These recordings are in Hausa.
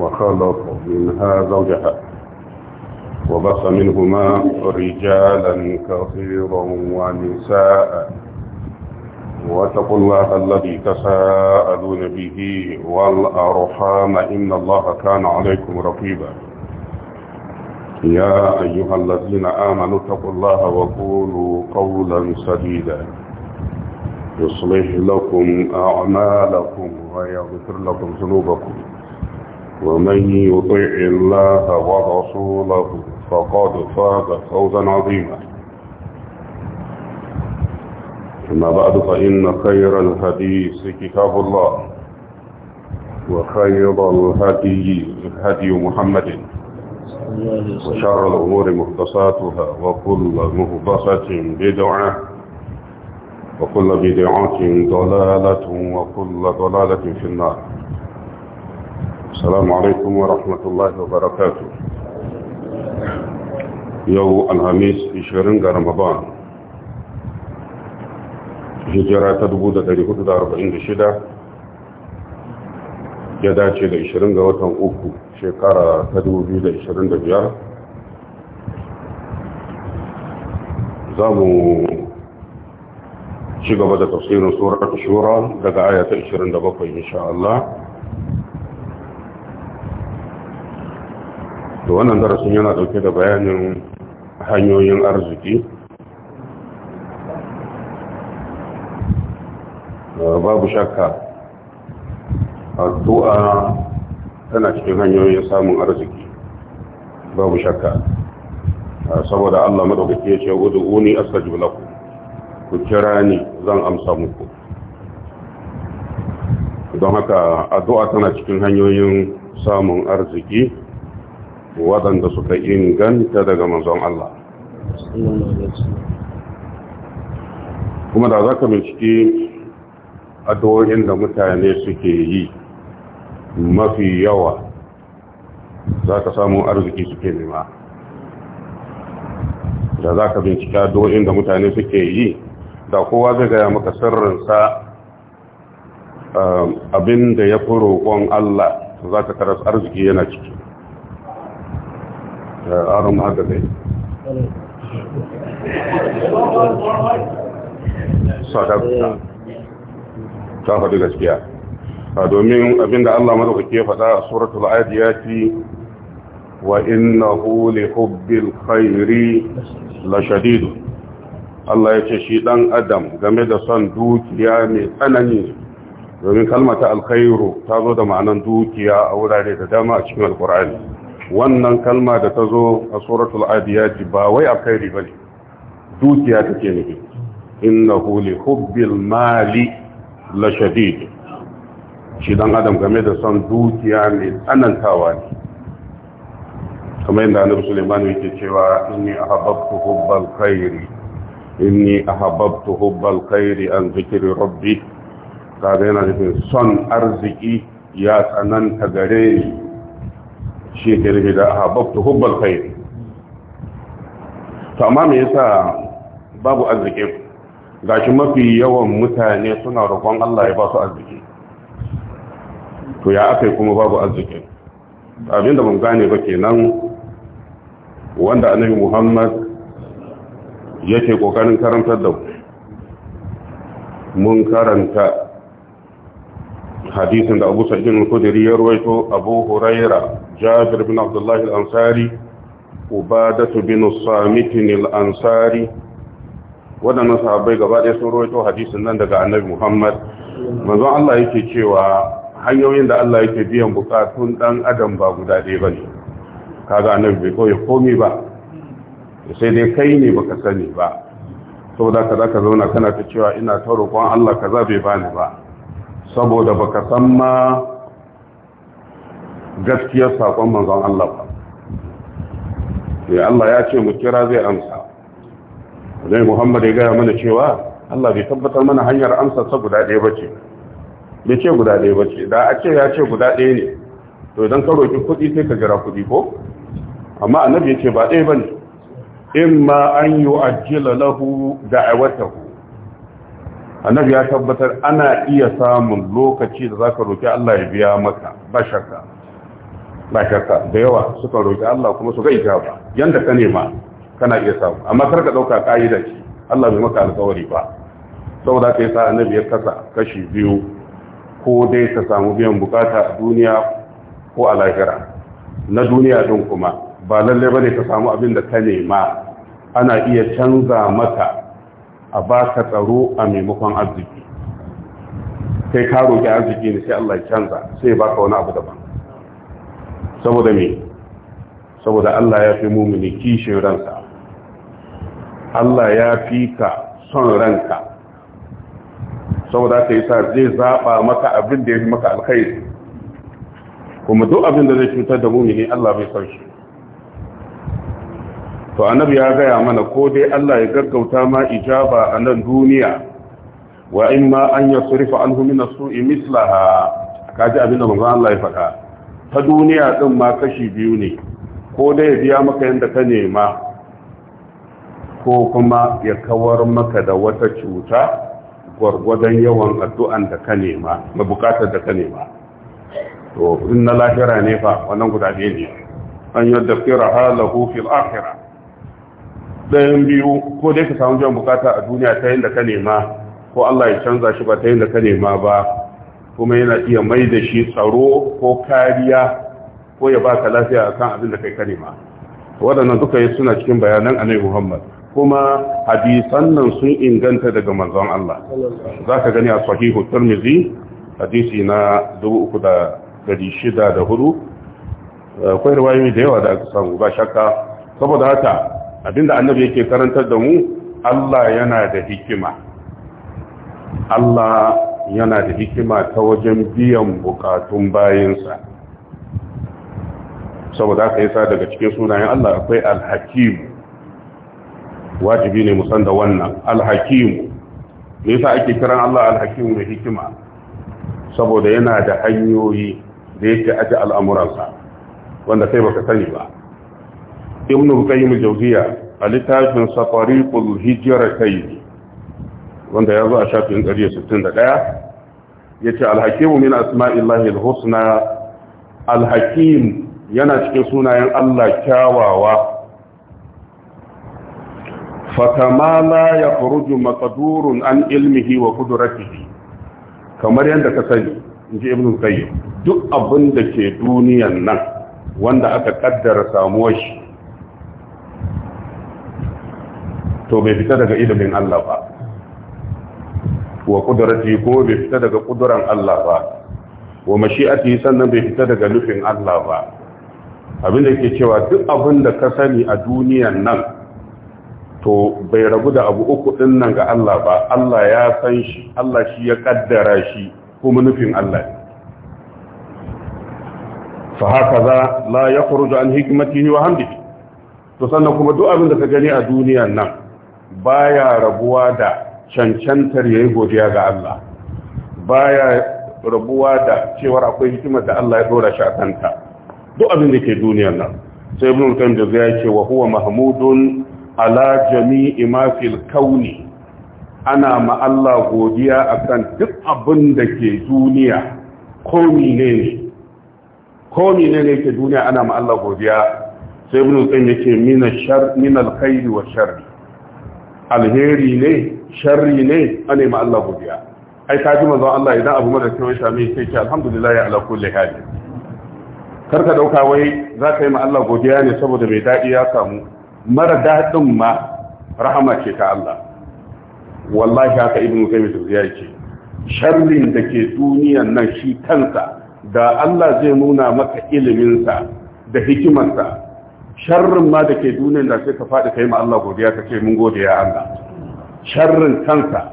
وخلق منها زوجها وبص منهما رجالا كثيرا ونساء واتقوا الله الذي تساءلون به والأرحام إن الله كان عليكم رقيبا يا أيها الذين آمنوا اتقوا الله وقولوا قولا سديدا يصلح لكم أعمالكم ويغفر لكم ذنوبكم ومن يطع الله ورسوله فقد فاز فوزا عظيما أما بعد فإن خير الحديث كتاب الله وخير الهدي هدي محمد وشر الأمور مختصاتها وكل مهدسة بدعة وكل بدعة ضلالة وكل ضلالة في النار السلام عليكم ورحمة الله وبركاته يو الهميس إشغرين رمضان هجرة تدبودة لهدود أربعين شدة يداتي لإشغرين وطن أوكو شكرة تدبودة لإشغرين دبيار زامو شغبة تفسير سورة الشورى لقى آية 27 إن شاء الله to wannan darasin yana dauke da bayanin hanyoyin arziki ah, babu shakka addu'a tana cikin hanyoyin samun arziki babu shakka ah, saboda Allah madaukake ya ce ud'uni astajib lakum ku kira ni zan amsa muku don haka addu'a tana cikin hanyoyin samun arziki waɗanda suka inganta daga manzon Allah kuma da za ka binciki addu'o'in da mutane suke yi mafi yawa za ka samu arziki suke nema da za ka binciki addu'o'in da mutane suke yi da kowa zai gaya maka sirrinsa um, abin da ya fi roƙon Allah za ka karas arziki yana ciki aron haka zai sadaka ta faɗi gaskiya a domin abinda Allah madaukake ya faɗa a suratul adiyati wa inna li hubbil khairi la shadidu." Allah ya ce shi ɗan adam game da son dukiya mai tsanani domin kalmata alkhairu ta zo da ma'anan dukiya a wurare da dama a cikin alkur'ani wannan kalma da ta zo a suratul adiyati ba wai ba ne dukiya take nufi innahu li hubbil mali la shadid shi dan adam game da son dukiya mai tsanantawa ne kamar yadda annabi Sulaiman yake cewa inni ahabbtu hubbal khairi inni ahabbtu hubbal khairi an zikri rabbi kaga yana nufin son arziki ya tsananta gare ni shi ke rufe da ahabbtu hubbal khair to amma me yasa babu arziki gashi mafi yawan mutane suna roƙon Allah ya ba su arziki to ya akai kuma babu arziki abinda ban gane ba kenan wanda annabi Muhammad yake kokarin karantar da mun karanta hadisin da Abu Sa'id al-Khudri ya ruwaito Abu Huraira جابر بن عبد الله الأنصاري عبادة بن الصامت الأنصاري waɗannan sahabbai gaba ɗaya sun rawaito hadisin nan daga annabi Muhammad manzon Allah yake cewa hanyoyin da Allah yake biyan bukatun dan adam ba guda ɗaya bane kaga annabi bai koyi komi ba sai dai kai ne baka sani ba saboda ka zaka zauna kana ta cewa ina ta roƙon Allah kaza bai bani ba saboda baka san ma gaskiyar saƙon manzon Allah ba sai Allah ya ce mu kira zai amsa Zai Muhammad ya gaya mana cewa Allah bai tabbatar mana hanyar amsa sa guda ɗaya bace bai ce guda ɗaya bace da a ce ya ce guda ɗaya ne to idan ka roki kuɗi sai ka jira kuɗi ko amma annabi ya ce ba ɗaya bane in imma an yu'ajjila lahu da'awatahu annabi ya tabbatar ana iya samun lokaci da zaka roki Allah ya biya maka ba shakka ba shakka da yawa suka roƙi Allah kuma su ga ijaba yanda ka nema kana iya samu amma kar ka dauka kaida ce Allah bai maka alƙawari ba saboda kai sa annabi ya kasa kashi biyu ko dai ka samu biyan bukata a duniya ko a lahira na duniya din kuma ba lalle ne ka samu abin da ka nema ana iya canza maka a baka tsaro a maimakon arziki kai ka roƙi arziki ne sai Allah ya canza sai baka wani abu daban saboda me saboda Allah ya fi mumini kishin ranka, Allah ya fi ka son ranka saboda ka yi sa zai zaɓa maka abin da ya fi maka alkhairi kuma duk abin da zai cutar da mumini Allah bai son shi to annabi ya gaya mana ko dai Allah ya gaggauta ma ijaba a nan duniya wa in ma an yasrifa anhu min as-su'i mislaha kaji abin da manzo Allah ya faɗa ta duniya din ma kashi biyu ne ko dai ya biya maka yadda ka nema ko kuma ya kawar maka da wata cuta gwargwadon yawan addu'an da ka nema ma bukatar da ka nema to in na lahira ne fa wannan guda biyu ne an yi da fira halahu fil akira ɗayan biyu ko dai ka samu biyan bukata a duniya ta yin da ka nema ko Allah ya canza shi ba ta yin da ka nema ba kuma yana iya mai da shi tsaro ko kariya ko ya baka lafiya akan abin da kai karima waɗannan duka suna cikin bayanan annabi Muhammad kuma hadisan nan sun inganta daga manzon Allah Za ka gani a sahihu turmizi hadisi na 3604 akwai riwayoyi da yawa da aka samu ba shakka saboda haka abinda annabi yake karantar da mu Allah yana da hikima Allah yana da hikima ta wajen biyan bukatun bayansa, saboda aka yi sa daga cikin sunayen Allah akwai alhakim wajibi ne musan da wannan alhakimu me sa ake kiran Allah alhakimu mai hikima saboda yana da hanyoyi da yake aji al'amuransa wanda sai baka sani ba ibnu qayyim jauziya a littafin safariqul kai wanda ya zo a shafin 161 ya ce alhakimu min asma'illahi alhusna alhakim yana cikin sunayen Allah kyawawa fakama ya furuju matsadurun an ilmihi wa kuduratihi kamar yadda ka sani in ji ibn duk abin da ke duniyan nan wanda aka kaddara samuwar shi to bai fita daga ilimin Allah ba wa kudrati ko bai fita daga ƙuduran Allah ba wa mashi'ati sannan bai fita daga nufin Allah ba abin da yake cewa duk abin da ka sani a duniyan nan to bai rabu da abu uku din nan ga Allah ba Allah ya san shi Allah shi ya ƙaddara shi kuma nufin Allah ne fa za, la ya yakhruju an hikmatihi wa hamdi. to sannan kuma duk abin da ka gani a duniyan nan baya rabuwa da cancantar ya yi godiya ga Allah baya rabuwa da cewar akwai hikimar da Allah ya dora shi a kanta duk abin da ke duniyar nan sai ibn al-qayyim da zai ce wa huwa mahmudun ala jami'i ma fil kauni ana ma Allah godiya akan duk abin da ke duniya komi ne ne komi ne ne ke duniya ana ma Allah godiya sai ibn al-qayyim yake min al-shar min al wa shar alheri ne sharri ne a nema Allah godiya ai ka ji manzon Allah idan abu mara kyau ya same sai ce alhamdulillah ya ala kulli hali kar ka dauka wai za ka yi ma Allah godiya ne saboda mai dadi ya samu mara dadin ma rahama ce ta Allah wallahi haka ibnu qayyim ya ce. sharrin da ke duniyan nan shi kansa da Allah zai nuna maka ilimin sa da hikimarsa sharrin ma da ke duniyan da sai ka faɗi kai ma Allah godiya ka ce mun gode ya Allah sharrin kansa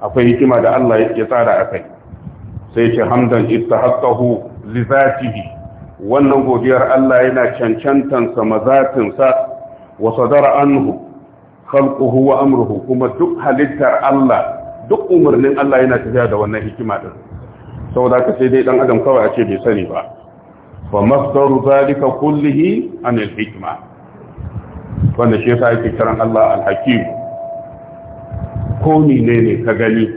akwai hikima da Allah ya tsara a kai sai ce hamdan istahaqqahu li zatihi wannan godiyar Allah yana cancantansa mazatinsa wa sadara anhu khalquhu wa amruhu kuma duk halittar Allah duk umarnin Allah yana tafiya da wannan hikima din saboda ka sai dai dan adam kawai a ce bai sani ba fa masdaru zalika kullihi an al-hikma wannan shi yasa ake kiran Allah al-hakim ko ne ne ka gani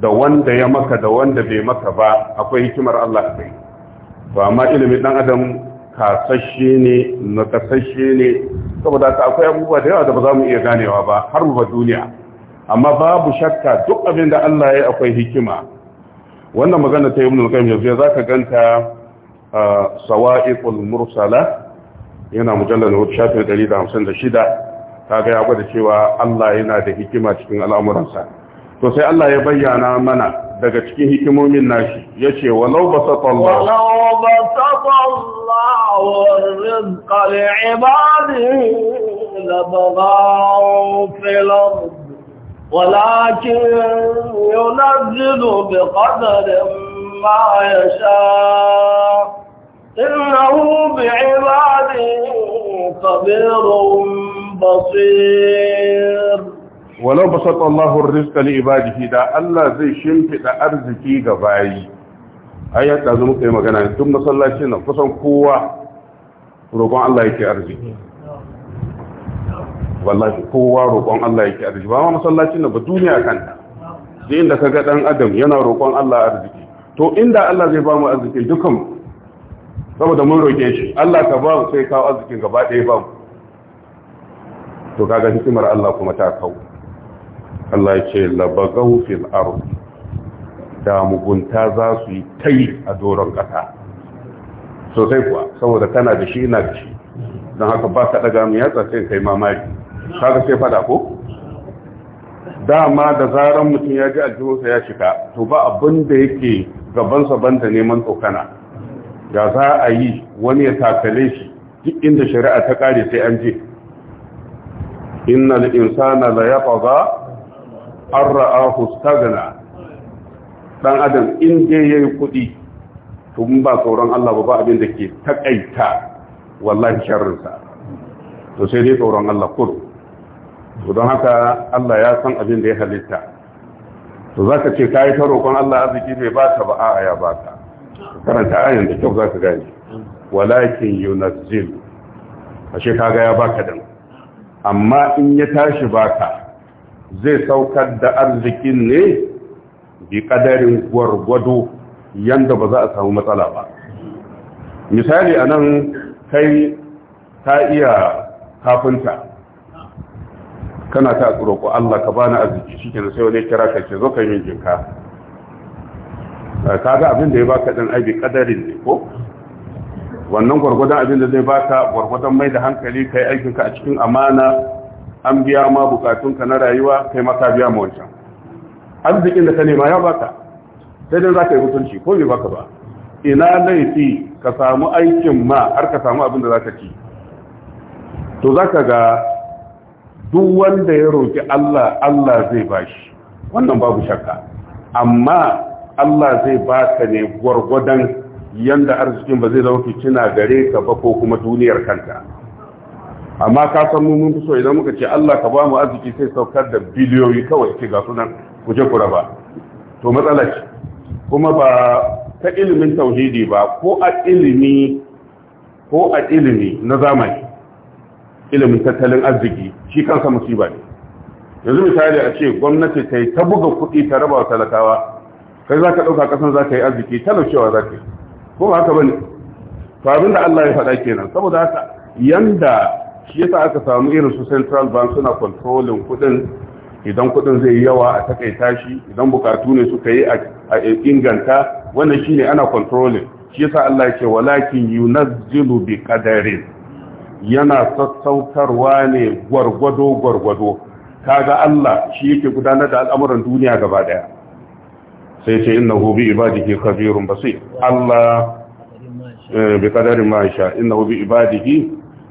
da wanda ya maka da wanda bai maka ba akwai hikimar Allah kai to amma ilimin dan adam kasashe ne nakasashe ne saboda ka akwai abubuwa da yawa da ba za mu iya ganewa ba har mu ba duniya amma babu shakka duk abin da Allah ya akwai hikima wannan magana ta ibn qayyim yanzu zaka ganta ah, sawa'iqul mursala yana mujallal shida. kaga ya gwada cewa Allah yana da hikima cikin al'amuransa to sai Allah ya bayyana mana daga cikin hikimomin nashi yace walau basatallahu walau basatallahu rizqa li'ibadihi labaghaw fil ard ولكن ينزل بقدر ما يشاء إنه بعباده خبير بصير ولو بسط الله الرزق لعباده دا الله زي شمفد أرزكي غباي ayat da zama kai magana duk masallacin nan kusan kowa roƙon Allah yake arziki wallahi kowa roƙon Allah yake arziki ba ma masallacin nan ba duniya kanta sai inda ga dan adam yana roƙon Allah arziki to inda Allah zai ba mu arziki dukan saboda mun roƙe shi Allah ka ba mu sai kawo arzikin gaba ɗaya ba mu to kaga hikimar Allah kuma ta kawo Allah ya ce labagau fil ard da mugunta za su yi tai a doron kasa sosai kuwa saboda kana da shi ina da shi don haka ba ka daga mu yatsa sai kai mamaki kaga sai fada ko dama da zaran mutum ya ji aljihunsa ya shiga to ba abin da yake gabansa banda neman tsokana da za a yi wani ya takale shi duk inda shari'a ta kare sai an je innal insana la yatagha arra'ahu istaghna dan adam in ya yayi kuɗi, to ba tsoron Allah ba ba abin da ke takaita wallahi sharrinsa. to sai dai tsoron Allah kudu to don haka Allah ya san abin da ya halitta to ka ce kai ta roƙon Allah arziki bai ba ta ba a'a ya ba ta karanta ayan da kyau zaka gani. walakin yunazzil ashe kaga ya ka dan amma in ya tashi baka zai saukar da arzikin ne bi kadarin gwargwado yanda ba za a samu matsala ba misali a nan kai ta iya kafinta kana ta ko Allah ka bani arziki shike sai wani kira ka ce zo ka yi jinka ga abin da ya baka dan aibi kadarin ne ko wannan gwargwadon abin da zai baka gwargwadon mai da hankali kai aikinka a cikin amana an biya ma ka na rayuwa kai maka biya ma wancan arzikin da ka nema ya baka sai dai za ka yi mutunci ko bai baka ba ina laifi ka samu aikin ma har ka samu abin da za ka ci to za ka ga duk wanda ya roƙi Allah Allah zai bashi wannan babu shakka amma Allah zai baka ne gwargwadon yanda arzikin ba zai zama fitina gare ka ba ko kuma duniyar kanta amma ka san mu mun so idan muka ce Allah ka ba mu arziki sai saukar da biliyoyi kawai ke ga sunan kuje kura ba to matsala ce kuma ba ta ilimin tauhidi ba ko a ilimi ko a ilimi na zamani ilimin tattalin arziki shi kansa musiba ne yanzu misali a ce gwamnati ta yi ta buga kuɗi ta raba wa talakawa kai za ka ɗauka ƙasar za ka yi arziki talaucewa za ka yi ko ba haka bane to abinda Allah ya faɗa kenan saboda haka yanda shi yasa aka samu irin su central bank suna controlling kudin idan kudin zai yawa a takaita shi idan bukatu ne suka yi a inganta wannan shine ana controlling shi yasa Allah ya ce walakin yunazzilu bi qadarin yana sassautarwa ne gwargwado gwargwado kaga Allah shi yake gudanar da al'amuran duniya gaba daya sai ce innahu bi ibadihi khabirun basir Allah eh, bi kadari ma sha innahu bi ibadihi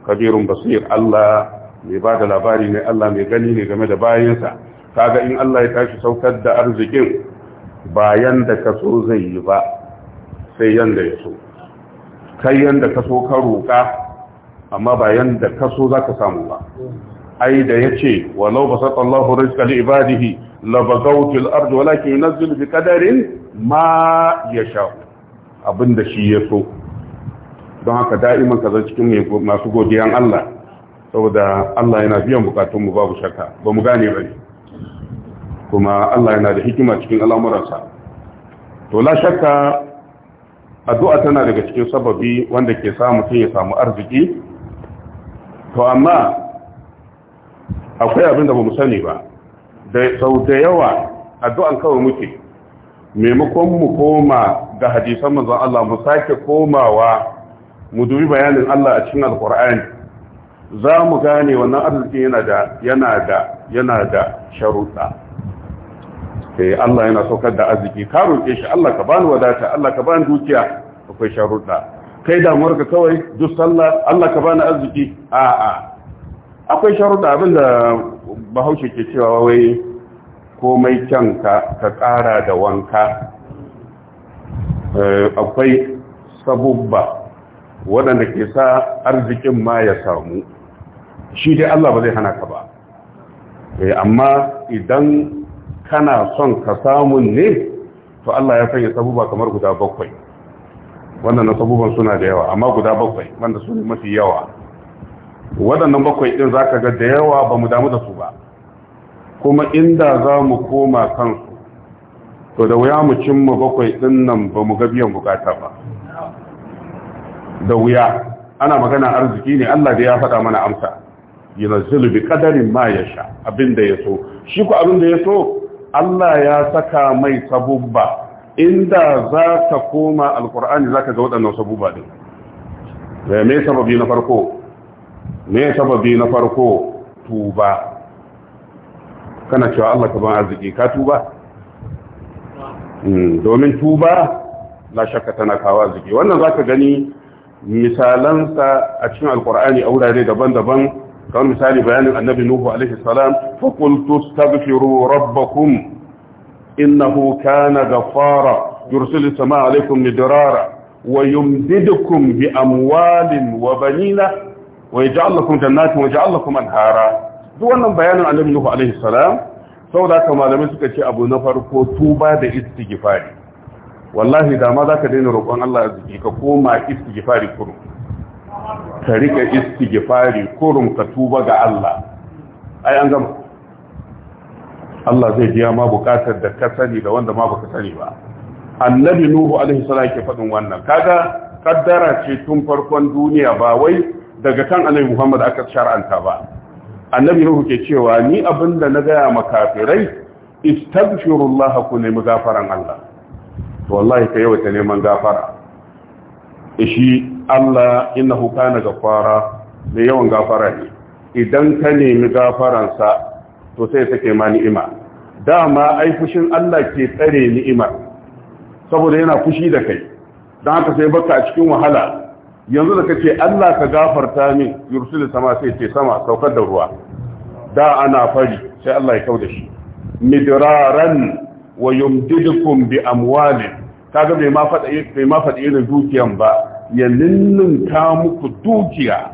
khabirun basir Allah mai da labari ne Allah mai gani ne game da bayansa kaga in Allah ya tashi saukar da arzikin bayan da kaso zai yi ba sai yanda ya so kai yanda kaso ka roka amma bayan da kaso ka samu ba ai da ya yace walau basata Allahu rizqa li ibadihi labagau fil ardi walakin yunazzilu bi qadarin ma yasha abinda shi ya so don haka da'iman ka zai cikin masu godiyan Allah saboda Allah yana biyan bukatun mu babu shakka ba mu gane bane kuma Allah yana da hikima cikin al'amuransa to la shakka addu'a tana daga cikin sababi wanda ke sa sun ya samu arziki to amma akwai abin da ba mu sani ba da sau da yawa addu'an kawai muke maimakon mu koma ga hadisan manzon Allah mu sake komawa mu dubi bayanin Allah a cikin alkur'ani za mu gane wannan arzikin yana da yana da yana da sharuɗa sai eh, Allah yana saukar da arziki ka roƙe shi Allah ka bani wadata Allah ka bani dukiya akwai sharuɗa kai damuwar ka kawai duk sallah Allah ka bani arziki a'a akwai sharuɗa abinda bahaushe ke cewa wai komai kyan ka ƙara da wanka eh, akwai sabubba waɗanda ke sa arzikin ma ya samu shi dai Allah ba zai hana ka ba eh, amma idan kana son ka samun ne to Allah ya sanya sabubba kamar guda bakwai waɗannan sabubban suna da yawa amma guda bakwai wanda su ne mafi yawa waɗannan bakwai ɗin za ka ga da yawa ba mu damu da su kuma inda za mu koma kansu to da wuya mu cimma bakwai ɗin nan ba mu biyan bukata ba da wuya ana magana arziki ne Allah da ya faɗa mana amsa yanzu bi kadarin ma ya sha abinda ya so shi ku abinda ya so Allah ya saka mai sabubba inda za ka koma alkur'ani za ka ga waɗannan sabubba ɗin me sababi na farko me sababi na farko tuba kana cewa Allah ka ban arziki ka tuba hmm, domin tuba la shakka tana kawo arziki wannan zaka gani misalansa a cikin alkur'ani a wurare daban-daban kamar misali bayanin annabi nuhu alaihi salam fa qultu astaghfiru rabbakum innahu kana ghaffara yursilu samaa alaikum midrara wa yumdidukum bi amwalin wa banina wa yaj'al lakum jannatin wa yaj'al lakum anhara duk wannan bayanin annabi Nuhu alaihi salam saboda haka malamai suka ce abu na farko tuba da istighfari wallahi da ma zaka daina roƙon Allah ya arziki ka koma istighfari kurum ka rika istighfari kurum ka tuba ga Allah ai an gama Allah zai biya ma bukatar da ka sani da wanda ma baka sani ba annabi nuhu alaihi salam yake faɗin wannan kaga kaddara ce tun farkon duniya ba wai daga kan annabi Muhammad aka shar'anta ba annabi nuhu ke cewa ni abin da na gaya makafirai istaghfirullah ku nemi gafaran Allah to wallahi ka ta neman gafara e shi Allah innahu kana gafara mai yawan gafara ne idan ka nemi sa to sai take ma ni'ima dama ai fushin Allah ke tsare ni'ima saboda yana fushi da kai dan haka sai baka a cikin wahala yanzu da kace Allah ka gafarta min yursil sama sai ce sama saukar da ruwa da ana fari sai Allah ya kauda shi midraran wa yumdidukum bi amwalin kaga bai ma fada bai ma fada irin dukiyan ba ya ta muku dukiya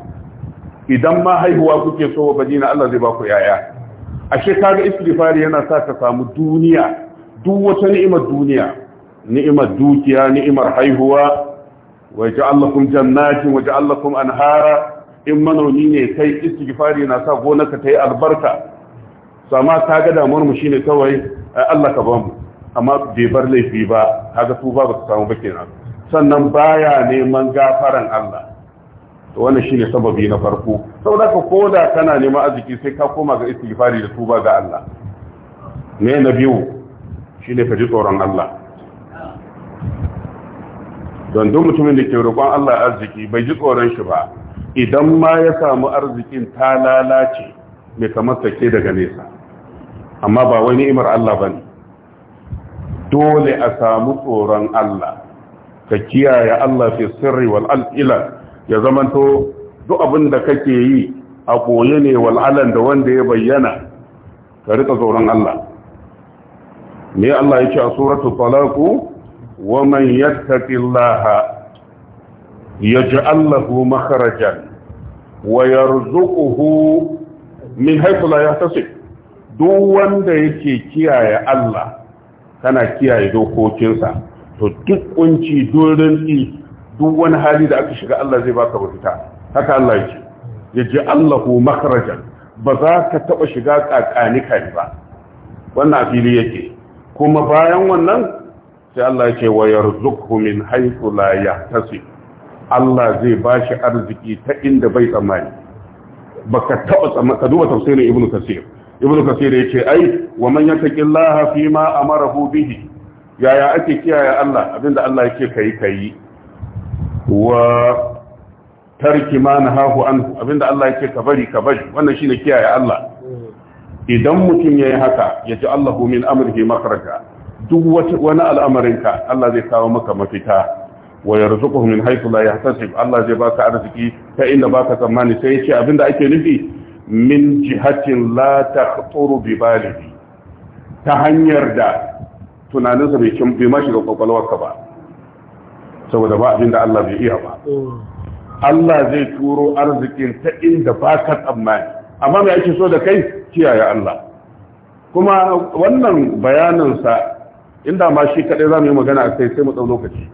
idan ma haihuwa kuke so ba dina Allah zai baku yaya ashe kaga istighfari yana sa ka samu duniya duk wata ni'imar duniya ni'imar dukiya ni'imar haihuwa wa ja'alakum jannatin wa ja'alakum anhara in manomi ne kai istighfari na sa gonarka ta yi albarka sama ta ga damuwar mu shine kawai Allah ka bamu amma bai bar laifi ba kaga su ba ta samu ba kenan sannan baya neman gafaran Allah to wannan shine sababi na farko saboda ka koda kana neman arziki sai ka koma ga istighfari da tuba ga Allah ne na biyu shine ka ji tsoron Allah don duk mutumin da ke roƙon Allah arziki bai ji tsoron shi ba idan ma ya samu arzikin ta lalace mai kamar sake daga nesa amma ba wani imar Allah ba ne dole a samu tsoron Allah ka kiyaye Allah fi sirri wal al'ila ya zamanto duk abin da kake yi a koyi ne wal alan da wanda ya bayyana ka rika tsoron Allah Me Allah ya ce a suratul talaq ومن يتق الله يجعل له مخرجا ويرزقه من حيث لا يحتسب duk wanda yake kiyaye Allah kana kiyaye dokokinsa to duk kunci durin din duk wani hali da aka shiga Allah zai baka mafita haka Allah yake yaji Allahu makharajan ba za ka taba shiga tsakanika ba wannan afili yake kuma bayan wannan sai Allah ce wa yarzuqhu min haythu la Allah zai bashi arziki ta inda bai tsammani baka taɓa tsammani ka duba tafsirin Ibn Kathir Ibn ya ce, ai wa man yattaqillaha fi ma amarahu bihi yaya ake kiyaye Allah abinda Allah yake kai kai wa tarki ma nahahu anhu abinda Allah yake ka bari ka bari wannan shine kiyaye Allah hmm. idan mutum yayi haka yaji Allahu min amrihi makhraja duk wani al'amarinka Allah zai kawo maka mafita wa yarzuquhu min haythu la yahtasib Allah zai baka arziki ta inda baka tsammani sai yace abinda ake nufi min jihatin la taqturu bi balihi ta hanyar da tunaninsa bai kin bai mashi ga kwakwalwarka ba saboda ba abinda Allah bai iya ba Allah zai turo arzikin ta inda baka tsammani amma me ake so da kai kiyaye Allah kuma wannan bayaninsa inda ma shi kadai mu yi magana a kai sai mu dau lokaci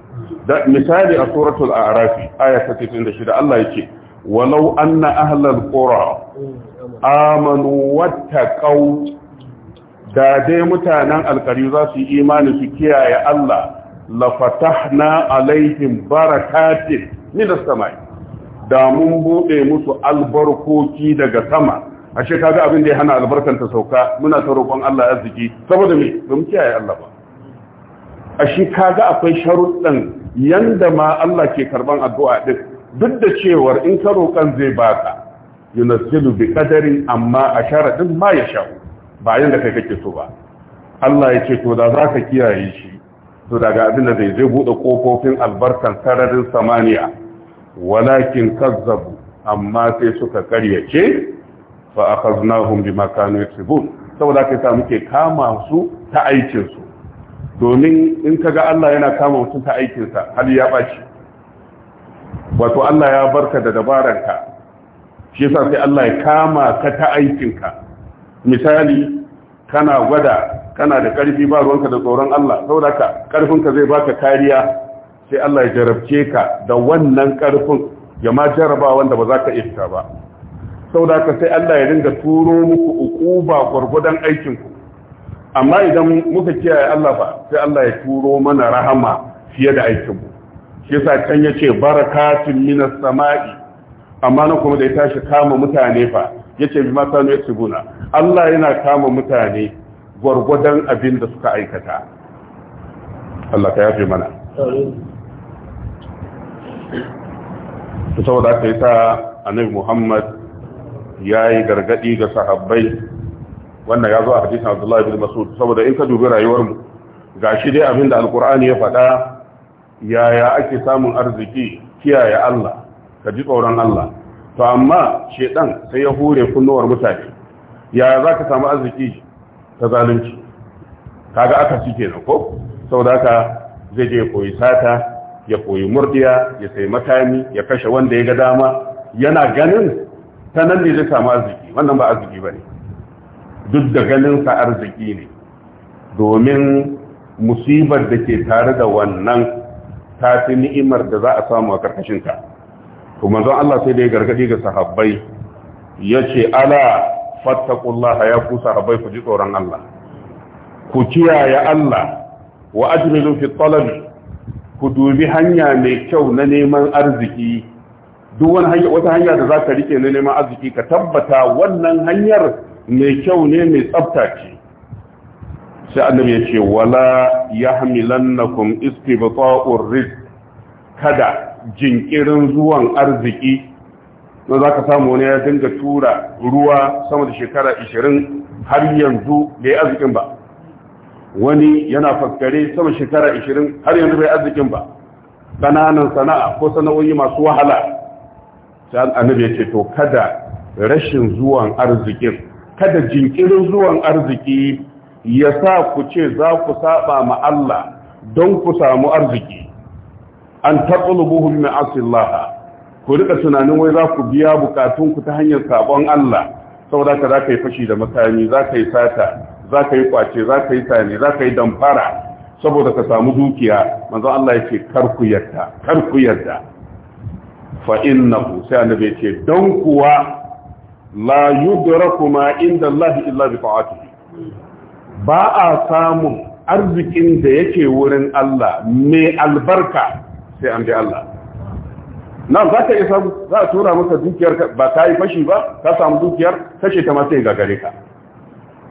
misali a suratul arafi aya ta shida. Allah ce walau na ahlal qura amanu ƙau. da dai mutanen alkari za su yi imani su kiyaye Allah la fatahna alaihim barakatin minas samai da mun buɗe musu albarkoki daga sama ashe kaga abin da ya hana albarkar ta sauka muna ta roƙon Allah arziki saboda ba mu kiyaye Allah ba a shi kaga akwai sharuɗin yanda ma Allah ke karban addu'a ɗin duk da cewar in ka roƙon zai baka yunasilu bi kadarin amma a sharaɗin ma ya sha ba da kai kake so ba Allah ya ce to da za ka kiyaye shi to daga abin da zai buɗe ƙofofin albarkar sararin samaniya walakin kazzabu amma sai suka karyace fa akhadnahum bima kanu yaksubun saboda yi sa muke kama su ta aikinsu. domin in ka ga Allah yana kama mutum ta aikinsa har ya ɓaci wato Allah ya barka da dabaranka shi yasa sai Allah ya kama ka ta aikinka misali kana gwada kana da ƙarfi ba ruwanka da tsoron Allah saboda ƙarfinka zai baka kariya sai Allah ya jarabce ka da wannan ƙarfin ya ma jaraba wanda ba za ka iya ba saboda sai Allah ya dinga turo muku uku ba gwargwadon aikinku amma idan muka kiyaye Allah ba sai Allah ya turo mana rahama fiye da aikin mu shi yasa can yace barakatun minas sama'i amma nan kuma da ya tashi kama mutane fa yace bi ma sanu guna Allah yana kama mutane gwargwadon abin da suka aikata Allah ka yafe mana saboda aka yi ta annabi Muhammad yayi yi gargadi ga sahabbai wannan ya zo a hadisin Abdullahi bin Mas'ud saboda in ka dubi rayuwar mu shi dai abin da Alkur'ani ya faɗa yaya ake samun arziki kiyaye Allah ka ji tsoron Allah to amma shedan sai ya hure kunnuwar mutane yaya za ka samu arziki ta zalunci kaga aka ci kenan ko saboda haka zai je koyi sata ya koyi murdiya ya sai matami ya kashe wanda ya ga dama yana ganin ta nan ne zai samu arziki wannan ba arziki ba ne duk da ganinsa arziki ne domin musibar da ke tare da wannan ta fi ni'imar da za a samu a ƙarƙashinta kuma zan Allah sai da ya gargaɗi ga sahabbai ya ce ala fattakullah ya ku sahabbai ku ji tsoron Allah ku kiyaye Allah wa ajmilu fi talab ku dubi hanya mai kyau na neman arziki duk wani hanya wata hanya da za ka rike na neman arziki ka tabbata wannan hanyar mai kyau ne mai tsafta ce sai annabi ya ce wala ya hamilan yahmilannakum istibta'ur rizq kada jinkirin zuwan arziki na za ka samu wani ya dinga tura ruwa sama da shekara 20 har yanzu bai arzikin ba wani yana faskare sama shekara 20 har yanzu bai arzikin ba ƙananan sana'a ko sana'o'i masu wahala sai annabi ya ce to kada rashin zuwan arzikin kada jinkirin zuwan arziki ya sa ku ce za ku saba ma Allah don ku samu arziki an buhun min asillaha ku rika tunanin wai za ku biya bukatun ku ta hanyar sabon Allah saboda ka za yi fashi da mutane, za yi sata za yi kwace za ka yi tani za yi damfara saboda ka samu dukiya manzo Allah yake kar ku yarda kar ku yarda fa innahu sai annabi ce don kuwa la yudraku ma inda Allah illa bi ta'atihi ba a samun arzikin da yake wurin Allah mai albarka sai an bi Allah nan za isa za a tura maka dukiyar ba ta yi fashi ba ka samu dukiyar kashe ta ma sai gare ka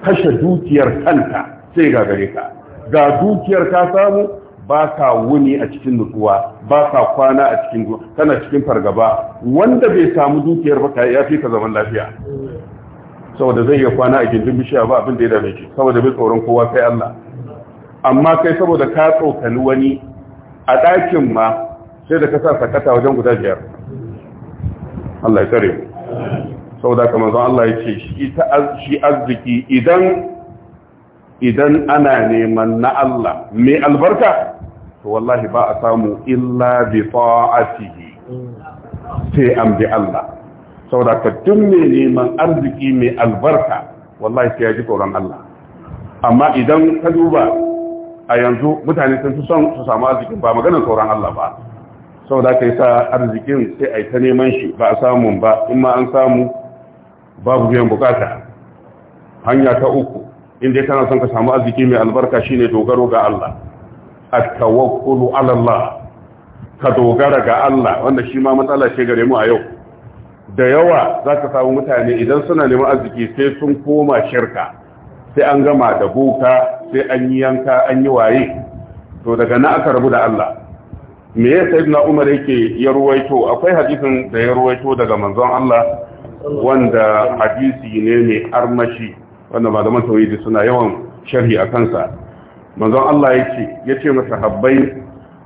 kashe dukiyar kanta sai gare ka ga dukiyar ka samu ba ka wuni a cikin nutsuwa ba ka kwana a cikin kana cikin fargaba wanda bai samu dukiyar ba ka yafi ka zaman lafiya saboda zai iya kwana a gindin bishiya ba abin da ya dame shi saboda bai tsoron kowa sai Allah amma kai saboda ka tsokani wani a ɗakin ma sai da ka sa sakata wajen guda biyar Allah ya tsare mu saboda kamar zan Allah ya ce shi arziki idan idan ana neman na Allah mai albarka to wallahi ba a samu illa bi ta'atihi sai an bi Allah saboda ka duk neman arziki mai albarka wallahi sai ya ji tsoron Allah amma idan ka duba a yanzu mutane sun fi son su samu arzikin ba maganar tsoron Allah ba saboda ka yi sa arzikin sai a yi ta neman shi ba a samun ba in ma an samu babu biyan bukata hanya ta uku inda kana son ka samu arziki mai albarka shine dogaro ga Allah at-tawakkulu ala Allah ka dogara ga Allah wanda shi ma matsala ce gare mu a yau da yawa zaka samu mutane idan suna neman arziki sai sun koma shirka sai an gama da boka sai an yi yanka an yi waye to daga na aka rabu da Allah me ya na Umar yake ya ruwaito akwai hadisin da ya ruwaito daga manzon Allah wanda hadisi ne mai armashi wanda malaman tauhidi suna yawan sharhi a kansa manzon Allah ya ce masa habbai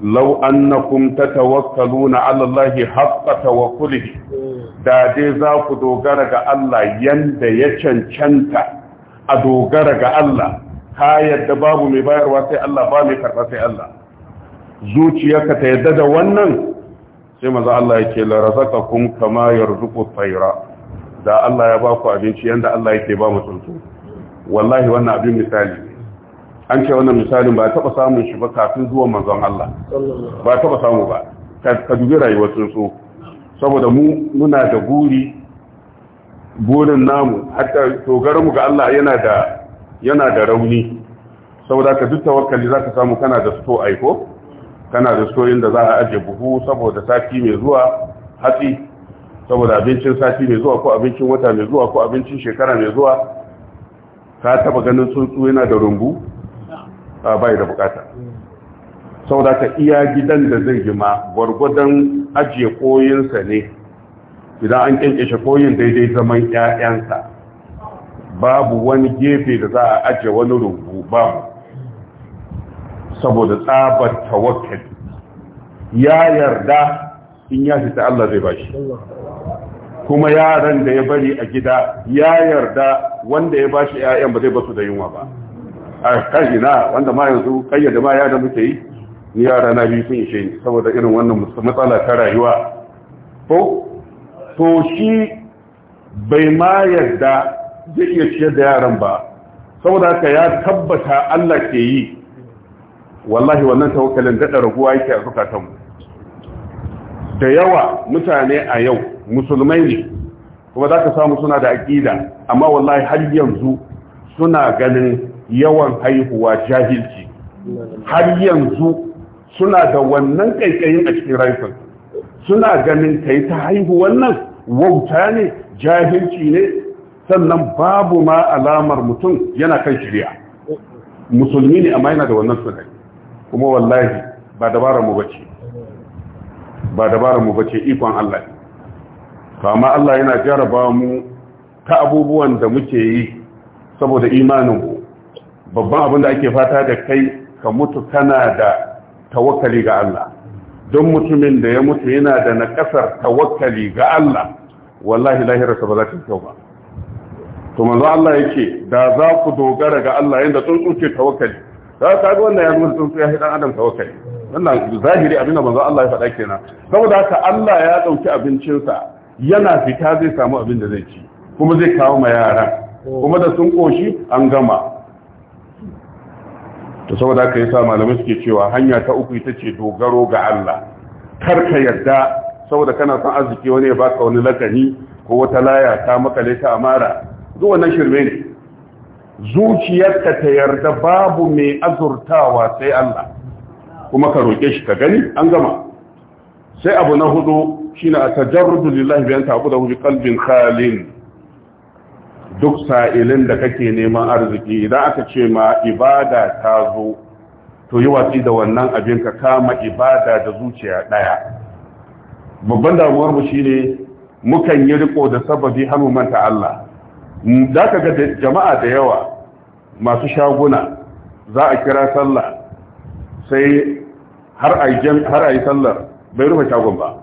law annakum tatawakkaluna ala allahi haqqa tawakkulihi da dai za ku dogara ga Allah yanda ya cancanta a dogara ga Allah ka yadda babu mai bayarwa sai Allah ba mai karɓa sai Allah zuciyarka ta yadda da wannan sai maza Allah ya ce larazaka kun kama yarzuku tsaira da Allah ya ba ku abinci yadda Allah yake ba mu tsuntsu wallahi wannan abin misali an ce wannan misalin ba taɓa samun shi ba kafin zuwan manzon Allah ba taɓa samu ba ka dubi rayuwar tsuntsu saboda mu muna da guri burin namu hatta mu ga Allah yana da yana da rauni saboda ka duk tawakkali zaka samu kana da sto aiko kana da sto inda za a aje buhu saboda sati mai zuwa hatsi saboda abincin sati mai zuwa ko abincin wata mai zuwa ko abincin shekara mai zuwa ka taba ganin tsuntsu yana da rumbu bai da bukata saboda ka iya gidan da zai jima gwargwadon ajiye koyinsa ne idan an kyankyashe koyin daidai zaman 'ya'yansa babu wani gefe da za a ajiye wani rubu babu saboda tsabar tawakkal ya yarda in ya fita Allah zai bashi kuma yaran da ya bari a gida ya yarda wanda ya bashi 'ya'yan ba zai basu da yunwa ba a kajina, wanda ma yanzu kayyade ma ya da muke yi ni yara na biyu sun ishe ni saboda irin wannan matsala ta rayuwa ko to shi bai ma yarda zai iya ciyar da yaran ba saboda haka ya tabbata Allah ke yi wallahi wannan tawakkalin daɗa raguwa yake a mu da yawa mutane a yau musulmai ne kuma za ka samu suna da aƙida amma wallahi har yanzu suna ganin yawan haihuwa jahilci har yanzu suna da wannan kaikayin a cikin raifin suna ganin kai ta haihu nan wauta ne jahilci ne sannan babu ma alamar mutum yana kan shirya musulmi ne amma yana da wannan suna kuma wallahi ba dabara mu bace ba dabara mu bace ikon Allah to amma Allah yana jarabawa mu ta abubuwan da muke yi saboda imanin mu babban abin da ake fata da kai ka mutu kana da tawakali ga Allah don mutumin da ya mutu yana da nakasar tawakali ga Allah wallahi lahirarsa ba za ta kyau ba to manzo Allah yake da za ku dogara ga Allah yanda tsuntsu ce tawakali. za ka ga wannan ya zama tsuntsu ya hidan adam tawakali wannan zahiri abin da manzo Allah ya faɗa kenan saboda haka Allah ya dauki abincinsa yana fita zai samu abin da zai ci kuma zai kawo ma yaran kuma da sun koshi an gama to saboda haka yasa malamai suke cewa hanya ta uku ita ce dogaro ga Allah kar ka yadda saboda kana son arziki wani ya baka wani lakani ko wata laya ta makale ta amara duk wannan shirme ne zuciyarka ta yarda babu mai azurtawa sai Allah kuma ka roke shi ka gani an gama sai abu na hudu shine a tajarrudu lillahi bi an ta'budu bi qalbin khalin duk sa'ilin da kake neman arziki idan aka ce ma ibada ta zo to yi watsi da wannan abin ka kama ibada da zuciya ɗaya babban damuwar mu ne mukan yi riko da sababi har Allah za ka ga jama'a da yawa masu shaguna za a kira sallah sai har a yi sallar bai rufe shagon ba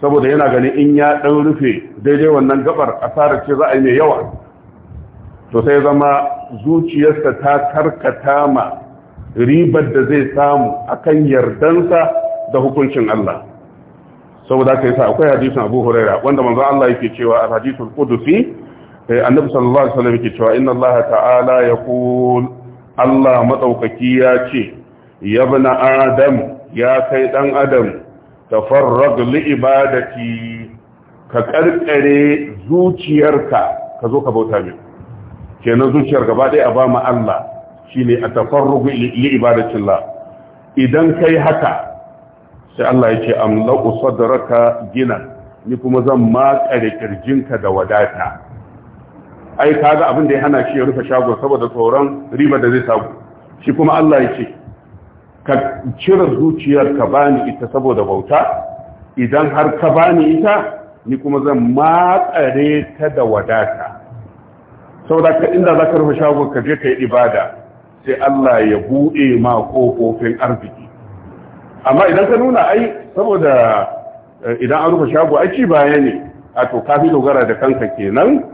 saboda yana ganin in ya ɗan rufe daidai wannan gabar asarar ce za a yi mai yawa to sai zama zuciyarsa ta karkata ma ribar da zai samu akan yardansa da hukuncin Allah saboda kai sa akwai hadisin Abu Huraira wanda manzo Allah yake cewa a hadisul qudusi eh, annabi sallallahu alaihi wasallam yake cewa inna Allah ta'ala yaqul Allah madaukaki ya ce ya bana adam ya kai dan adam tafarrag li ibadati ka karkare zuciyarka ka zo ka bauta min kenan zuciyar gaba ɗaya a ba ma Allah ne a tafarrugu li la idan kai haka sai Allah ya ce amlaqu sadraka gina ni kuma zan makare kirjinka da wadata ai kaga abin da ya hana shi ya rufe shago saboda tsoron riba da zai samu shi kuma Allah ya ce ka cire zuciyar ka bani ita saboda bauta idan har ka bani ita ni kuma zan makare ta da wadata saboda ka inda za ka rufe shago ka je ka yi ibada sai Allah ya buɗe ma ƙofofin arziki amma idan ka nuna ai saboda eh, idan an rufe shago aiki, ci baya ne a to ka fi dogara da kanka kenan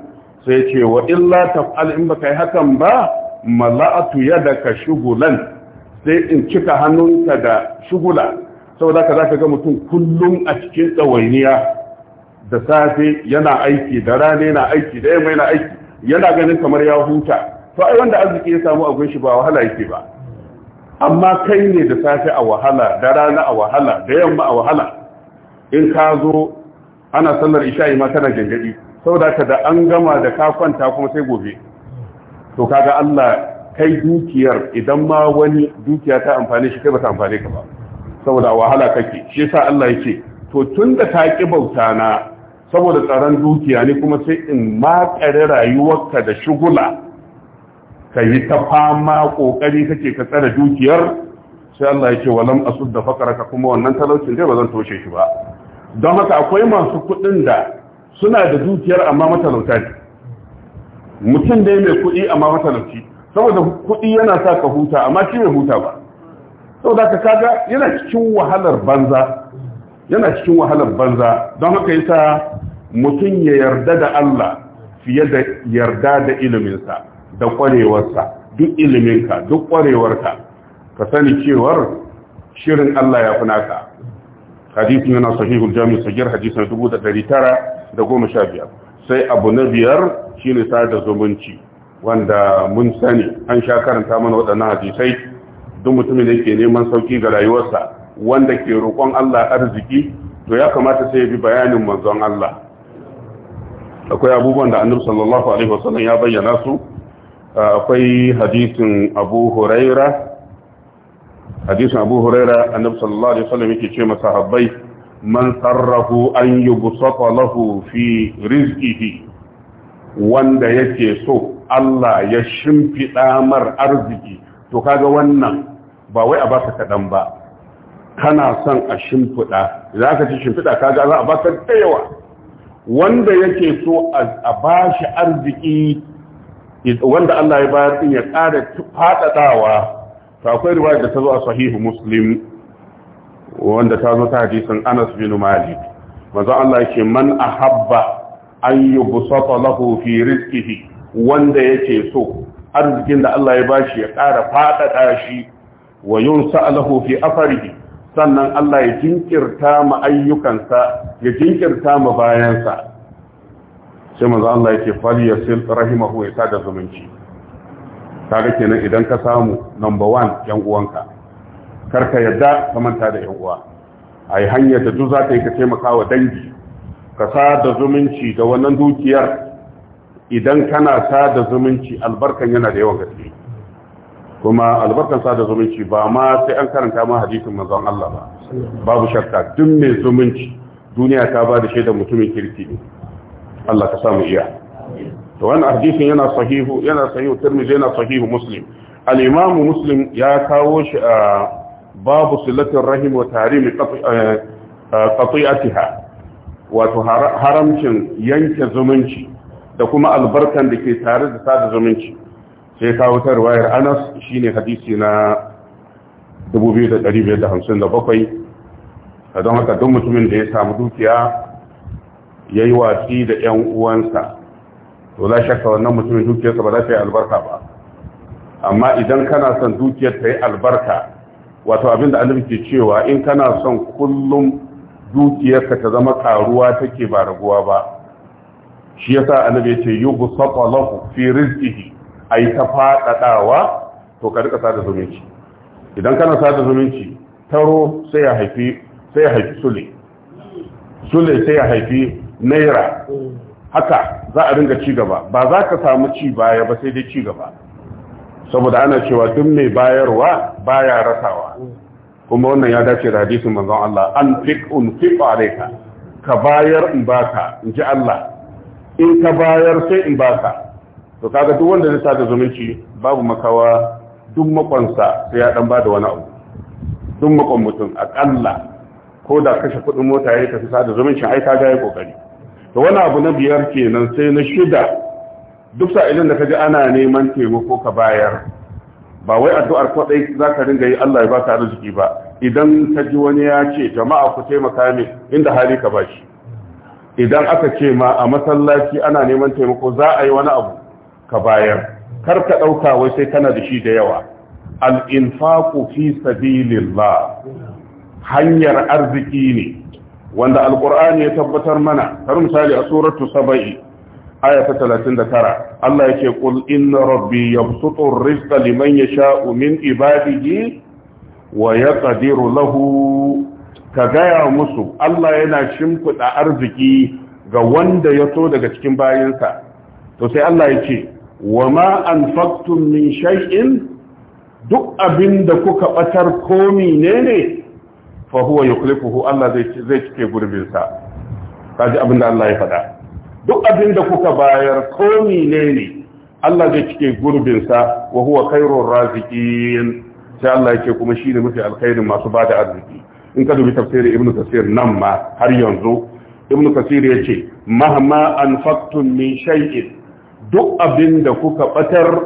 sai ce wa illa taf'al in baka yi hakan ba mala'atu yadaka shugulan sai in cika hannunka da shugula saboda ka zaka ga mutum kullum a cikin tsawainiya da safe yana aiki da rana yana aiki da yamma yana aiki yana ganin kamar ya huta to ai wanda arziki ya samu abin shi ba wahala yake ba amma kai ne da safe a wahala da rana a wahala da yamma a wahala in ka zo ana sallar isha ma tana gangadi saboda ka da an gama da ka kwanta kuma sai gobe to kaga Allah kai dukiyar idan ma wani dukiya ta amfane shi kai ba ta amfane ka ba saboda wahala kake shi yasa Allah yake to tunda ta ki bauta na saboda tsaron dukiya ne kuma sai in makare rayuwarka da shugula ka yi ta fama kokari kake ka tsara dukiyar sai Allah ya ce walam asud da fakaraka kuma wannan talaucin dai ba zan toshe shi ba don haka akwai masu kuɗin da suna da dukiyar amma matalauta ne mutum dai mai kuɗi amma matalauci saboda kuɗi yana sa ka huta amma shi bai huta ba saboda ka kaga yana cikin wahalar banza yana cikin wahalar banza don haka yasa mutum ya yarda da Allah fiye da yarda da iliminsa da ƙwarewarsa duk iliminka duk ƙwarewarka ka sani cewar shirin Allah ya fi naka hadisun yana sahihul jami'u goma hadisun biyar. sai abu na biyar shine sada zumunci wanda mun sani an sha karanta mana waɗannan hadisai duk mutumin da yake neman sauki ga rayuwarsa wanda ke roƙon Allah arziki to ya kamata sai ya bi bayanin manzon Allah akwai abubuwan da annabi sallallahu alaihi wasallam ya bayyana su akwai hadisin Abu Huraira hadisin Abu Huraira annabi sallallahu alaihi wasallam yake ce masa habbai man sarrahu an yubsata lahu fi rizqihi wanda yake so Allah ya shimfiɗa mar arziki to kaga wannan ba wai a baka kaɗan ba kana son a shimfiɗa za aka ci shimfiɗa kaga za a baka da yawa wanda yake so a ba shi arziki wanda Allah ya bayar din ya ƙara faɗaɗawa to akwai riwaya da ta zo a sahihu muslim wanda ta zo ta hadisin Anas bin Malik manzo Allah yake man ahabba an yubsata lahu fi rizqihi wanda yake so arzikin da Allah ya bashi ya ƙara faɗaɗa shi wa yunsa lahu fi afarihi sannan Allah ya jinkirta ma ayyukansa ya jinkirta ma bayansa sai manzo Allah yake falyasil rahimahu ya tada zumunci kaga kenan idan ka samu number 1 yan uwanka karka yadda ka manta da yan uwa ai hanya da duk zaka yi ka taimaka wa dangi ka sada zumunci da wannan dukiyar idan kana sada zumunci albarkan yana da yawan gaske kuma albarkan sada zumunci ba ma sai an karanta ma hadisin manzon Allah ba babu shakka duk mai zumunci duniya ta ba da shaidar mutumin kirki ne Allah ka samu iya to wannan hadisin yana sahihu yana sahihu Tirmidhi yana sahihu Muslim al-Imam Muslim ya kawo shi a babu silatul rahim wa tarim eh, eh, qati'atiha wato haramcin yanke zumunci da kuma albarkan da ke tare da sada zumunci sai kawo ta ruwayar anas shine hadisi na 2557 a don haka don mutumin da ya samu dukiya ya yi watsi da 'yan uwansa to za shakka wannan mutumin dukiyarsa ba za ta yi albarka ba amma idan kana son dukiyar ta yi albarka wato abin da annabi ke cewa in kana son kullum dukiyarka ta zama karuwa take ba raguwa ba shi yasa annabi ya ce yubsata lahu fi rizqihi a ta faɗaɗawa to ka rika sada zumunci idan kana sada zumunci taro sai ya haifi sai ya haifi sule sule sai ya haifi naira haka za a ringa ci gaba ba za ka samu ci baya ba sai dai cigaba. saboda ana cewa duk mai bayarwa baya rasawa kuma wannan ya dace da hadisin manzon Allah an fiq un fiq ka bayar in baka in ji Allah in ka bayar sai in baka to kaga duk wanda zai sada zumunci babu makawa duk makonsa sai ya dan bada wani abu duk makon mutum akalla ko da kashe kudin mota ya ka sada zumuncin ai kaga yayi kokari to wani abu na biyar kenan sai na shida duk idan da kaji ana neman taimako ka bayar ba wai addu'ar kwaɗai za ka ringa yi Allah ya baka arziki ba idan ka ji wani ya ce jama'a ku taimaka min inda hali ka bashi idan aka ce ma a masallaci ana neman taimako za a yi wani abu ka bayar kar ka ɗauka wai sai kana da shi da yawa al'infaku fi sabilillah hanyar arziki ne wanda alƙur'ani ya tabbatar mana kar misali a suratu saba'i aya ta 39 Allah yake qul inna rabbi yabsutu ar-rizqa liman yasha'u min ibadihi wa yaqdiru lahu ka gaya musu Allah yana shimfiɗa arziki ga wanda ya so daga cikin bayansa to sai Allah ya ce wa ma anfaqtum min duk abin da kuka batar komi ne ne fa huwa yukhlifuhu Allah zai cike gurbin sa kaji abin da Allah ya faɗa duk abin da kuka bayar komi ne ne Allah zai cike gurbin sa wa huwa khairur raziqin sai Allah yake kuma shine mafi alkhairin masu bada arziki in ka dubi tafsirin ibnu kasir nan ma har yanzu ibnu kasir yace mahma anfaqtum min shay'in duk abin da kuka batar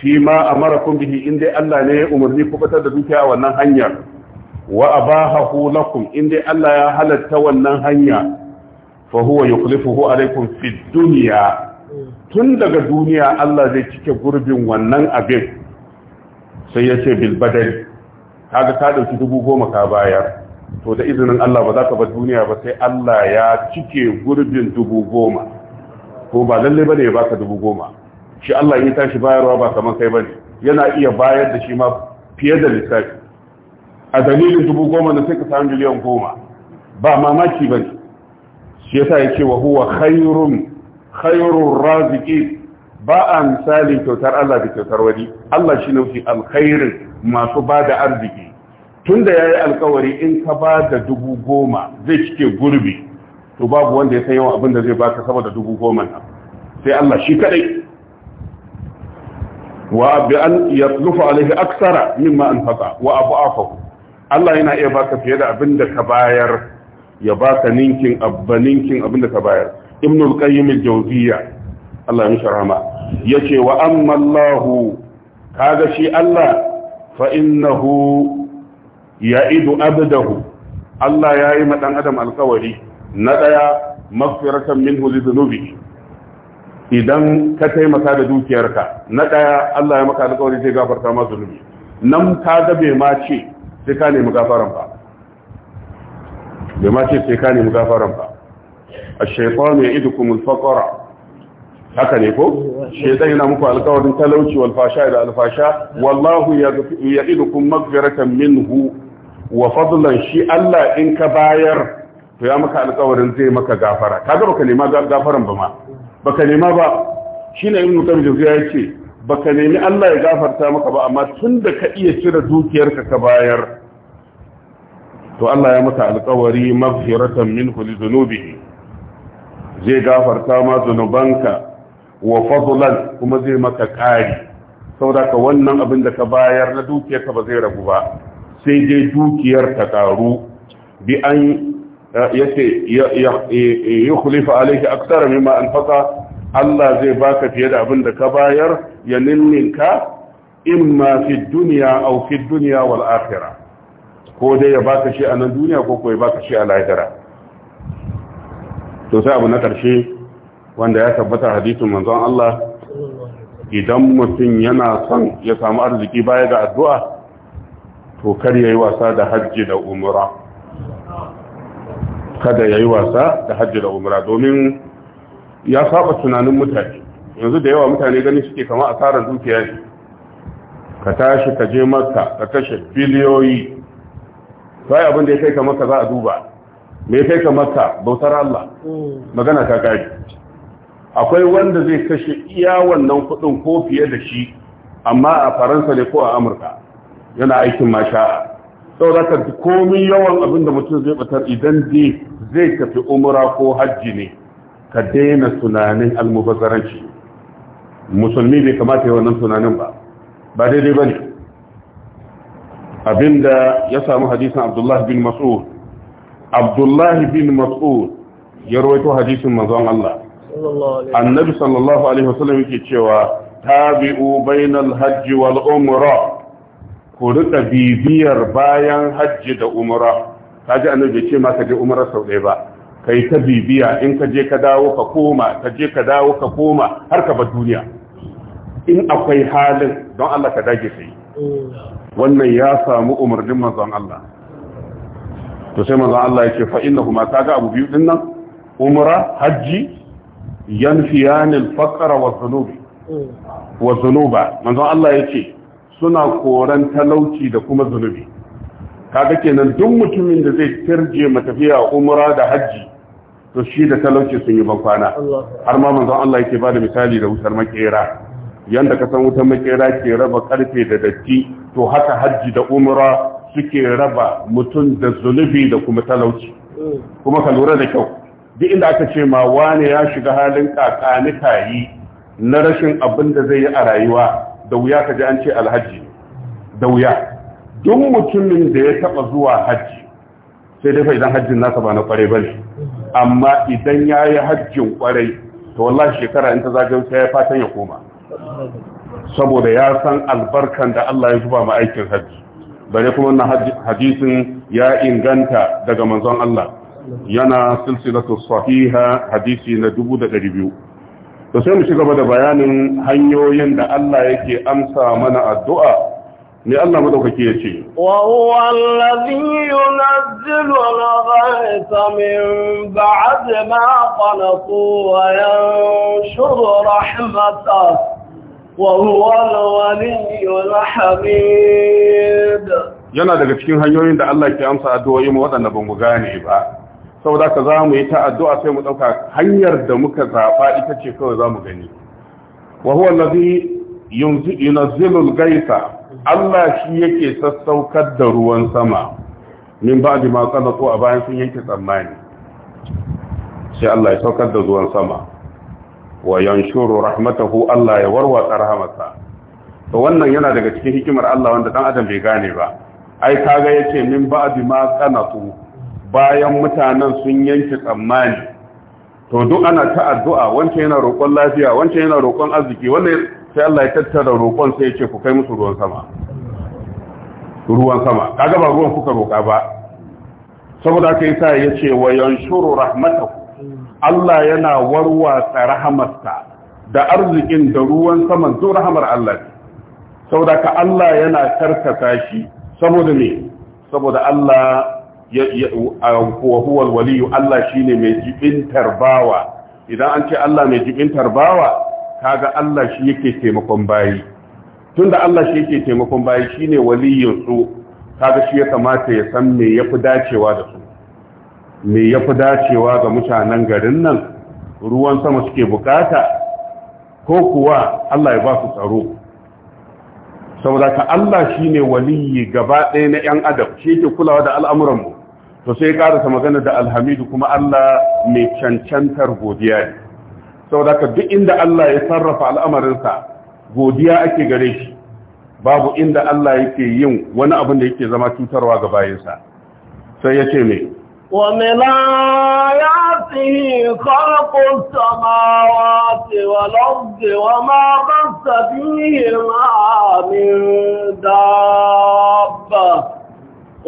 fi ma mara bihi in dai Allah ne ya umarni ku batar da dukiya wannan hanyar wa haku lakum in dai Allah ya halatta wannan hanya fa huwa yukhlifuhu alaykum fi duniya tun daga duniya Allah zai cike gurbin wannan abin sai ya ce bil kaga ka dauki dubu goma ka bayar to da izinin Allah ba za ka bar duniya ba sai Allah ya cike gurbin dubu goma ko ba lalle bane ya baka dubu goma shi Allah ya tashi bayarwa ba kamar kai bane yana iya bayar da shi ma fiye da lissafi a dalilin dubu goma na sai ka samu miliyan goma ba mamaki bane shi yasa yake wa huwa khairun khairur raziki ba a misali kyautar Allah da kyautar wani Allah shi ne alkhairin masu ba da arziki tun da ya yi alkawari in ka ba da dubu goma zai cike gurbi to babu wanda ya san yawan abin da zai baka sama da dubu goma nan sai Allah shi kadai wa bi an yatlufu alaihi aksara mimma anfaqa wa afahu Allah yana iya baka fiye da abin da ka bayar ya baka ninkin abba ninkin abin da ka bayar ibn al-qayyim al-jawziyya Allah ya sharama yace wa amma Allah kaga shi Allah fa innahu ya'idu abdahu Allah yayi ma dan adam alkawari na ɗaya mafiratan minhu li dhunubi idan ka taimaka da dukiyarka na ɗaya Allah ya maka alƙawari zai gafarta ma zunubi nan ka ga bai ma ce sai ka nemi gafaran ba bai ma ce sai ka nemi gafaran ba ash ya ya'idukum al-faqra haka ne ko shaytan yana muku alƙawarin talauci wal fasha da al fasha wallahu ya'idukum magfiratan minhu wa fadlan shi Allah in ka bayar to ya maka alƙawarin zai maka gafara kaga baka nema gafaran ba ma baka nema ba shine ibn qayyim ya yace baka nemi Allah ya gafarta maka ba amma tunda ka iya cire dukiyarka ka bayar to Allah ya maka alƙawari maghfiratan minhu li dhunubihi zai gafarta ma zunubanka wa fadlan kuma zai maka kari saboda ka wannan abin da ka bayar na dukiyarka ba zai ragu ba sai dai dukiyar ta karu bi an yace yukhlifu alayka aktsara mimma anfaqa Allah zai baka fiye da abin da ka bayar ya ninninka imma fi dunya aw fi dunya wal akhirah ko dai ya baka shi a nan duniya ko ko ya baka shi a lahira to sai abu na karshe wanda ya tabbata hadisin manzon Allah idan mutum yana son ya samu arziki baya ga addu'a to kar yayi wasa da hajji da umrah kada ya yi wasa da hajji da umra domin ya saba tunanin mutane yanzu da yawa mutane gani suke kama asarar dukiya ne ka tashi ka je makka ka kashe biliyoyi sai abin da ya kai ka maka za a duba me ya kai ka makka bautar Allah hmm. magana ta gari akwai wanda zai kashe iya wannan kuɗin ko fiye da shi amma a faransa ne ko a amurka yana aikin masha'a saboda ka komai yawan abin da mutum zai batar idan dai zai tafi umra ko hajji ne ka daina tunanin almubazzaranci musulmi bai kamata yi wannan tunanin ba ba daidai ba ne abinda ya samu hadisin abdullahi bin mas'ud abdullahi bin mas'ud ya rawaito hadisin mazan Allah annabi sallallahu alaihi wasallam yake cewa tabi'u bainal hajji wal umra ku rika bibiyar bayan hajji da umra kaji annabi ce ma ka je umra sau ɗaya ba kai ta bibiya in ka je ka dawo ka koma ka je ka dawo ka koma har ka bar duniya in akwai halin don Allah ka dage sai wannan ya samu umarnin manzon Allah to sai manzon Allah ya ce fa innahu ma kaga abu biyu din nan umra hajji yanfiyan al-faqra wa dhunubi mm. wa dhunuba manzon Allah ya ce suna koran talauci da kuma zunubi kaga kenan duk mutumin da zai tirje matafiya umra da hajji to shi da talauci sun yi bakwana har ma manzon Allah yake bada misali da wutar makera yanda ka san wutar makera ke raba karfe da datti to haka hajji da umra suke raba mutum da zunubi da kuma talauci mm. kuma ka lura da kyau duk inda aka ce ma wane ya shiga halin kakanika yi na rashin abin da zai yi a rayuwa da wuya ka ji an ce alhaji da wuya duk mutumin da ya taba zuwa hajji sai dai fa idan hajjin nasa ba na kwarai ba ne amma idan ya yi hajjin kwarai to wallahi shekara in ta zagayo sai ya fatan ya koma saboda ya san albarkan da Allah ya zuba ma aikin hajji bare kuma wannan hadisin ya inganta daga manzon Allah yana silsilatu sahiha hadisi na 2200 to sai mu ci da bayanin hanyoyin da Allah yake amsa mana addu'a ne Allah madaukake ya ce wa huwa allazi yunazzilu al-ghaytha min ba'd ma qanatu wa yanshuru rahmatahu wa huwa al-waliyyu hamid yana daga cikin hanyoyin da Allah ke amsa addu'o'i mu waɗanda ba mu gane ba saboda ka za mu yi ta addu'a sai mu ɗauka hanyar da muka zaɓa ita ce kawai za mu gani wa huwa allazi yunzilul gaisa Allah shi yake sassaukar da ruwan sama min ba'di ma qanatu a bayan sun yanke tsammani sai Allah ya saukar da ruwan sama wa yanshuru rahmatahu Allah ya warwatsa rahmatsa to wannan yana daga cikin hikimar Allah wanda dan adam bai gane ba ai kaga yace min ba'di ma qanatu bayan mutanen sun yanke tsammani to duk ana ta addu'a wancan yana roƙon lafiya wancan yana roƙon arziki wannan sai Allah ya tattara roƙon sai ya ce ku kai musu ruwan sama ruwan sama kaga ba ruwan kuka roƙa ba saboda kai sai ya ce wa yanshuru rahmatahu Allah yana warwatsa rahamarsa da arzikin da ruwan sama da rahamar Allah ne saboda ka Allah yana karkata shi saboda me saboda Allah wa huwa waliyu Allah shine mai jibintar bawa idan an ce Allah mai jibintar bawa kaga Allah shi yake taimakon bayi tunda Allah shi yake taimakon bayi shine waliyin su kaga shi ya kamata ya san me yafi dacewa da su me yafi dacewa ga mutanen garin nan ruwan sama suke bukata ko kuwa Allah ya ba su tsaro saboda ka Allah shine waliyi gaba ɗaya na ƴan adam shi yake kulawa da al'amuranmu to sai karasa magana da alhamidu kuma Allah mai cancantar godiya ne saboda ka duk inda Allah ya sarrafa al'amarinsa godiya ake gare shi babu inda Allah yake yin wani abin da yake zama cutarwa ga bayansa sai ya ce mai ومن آياته خلق السماوات wa وما بث فيهما من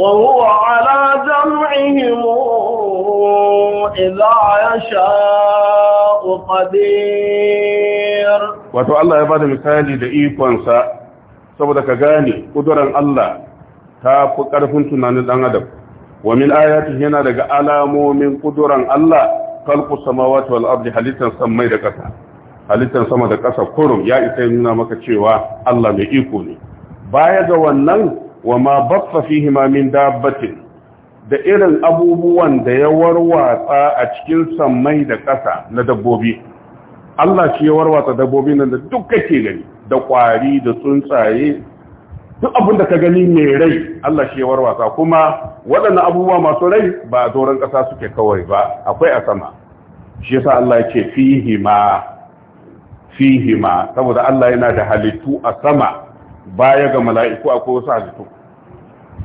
وهو على جمعهم إذا يشاء قدير wato Allah ya bada misali da ikonsa saboda ka gane kuduran Allah ta fi ƙarfin tunanin ɗan adam wa min ayati yana daga alamomin kuduran Allah kalku samawati wal ardi halittan samai da ƙasa halittan sama da ƙasa kurum ya isa nuna maka cewa Allah mai iko ne baya ga wannan wa ma fihi ma min dabbatin da irin abubuwan da ya warwatsa a cikin sammai da ƙasa na dabbobi Allah shi ya warwatsa dabbobi nan da duk kake gani da ƙwari da tsuntsaye duk abin da ka gani mai rai Allah shi ya warwatsa kuma waɗannan abubuwa masu rai ba a doron ƙasa suke kawai ba akwai a sama shi yasa Allah ya ce fihima fihima saboda Allah yana da halittu a sama baya ga mala'iku akwai wasu halittu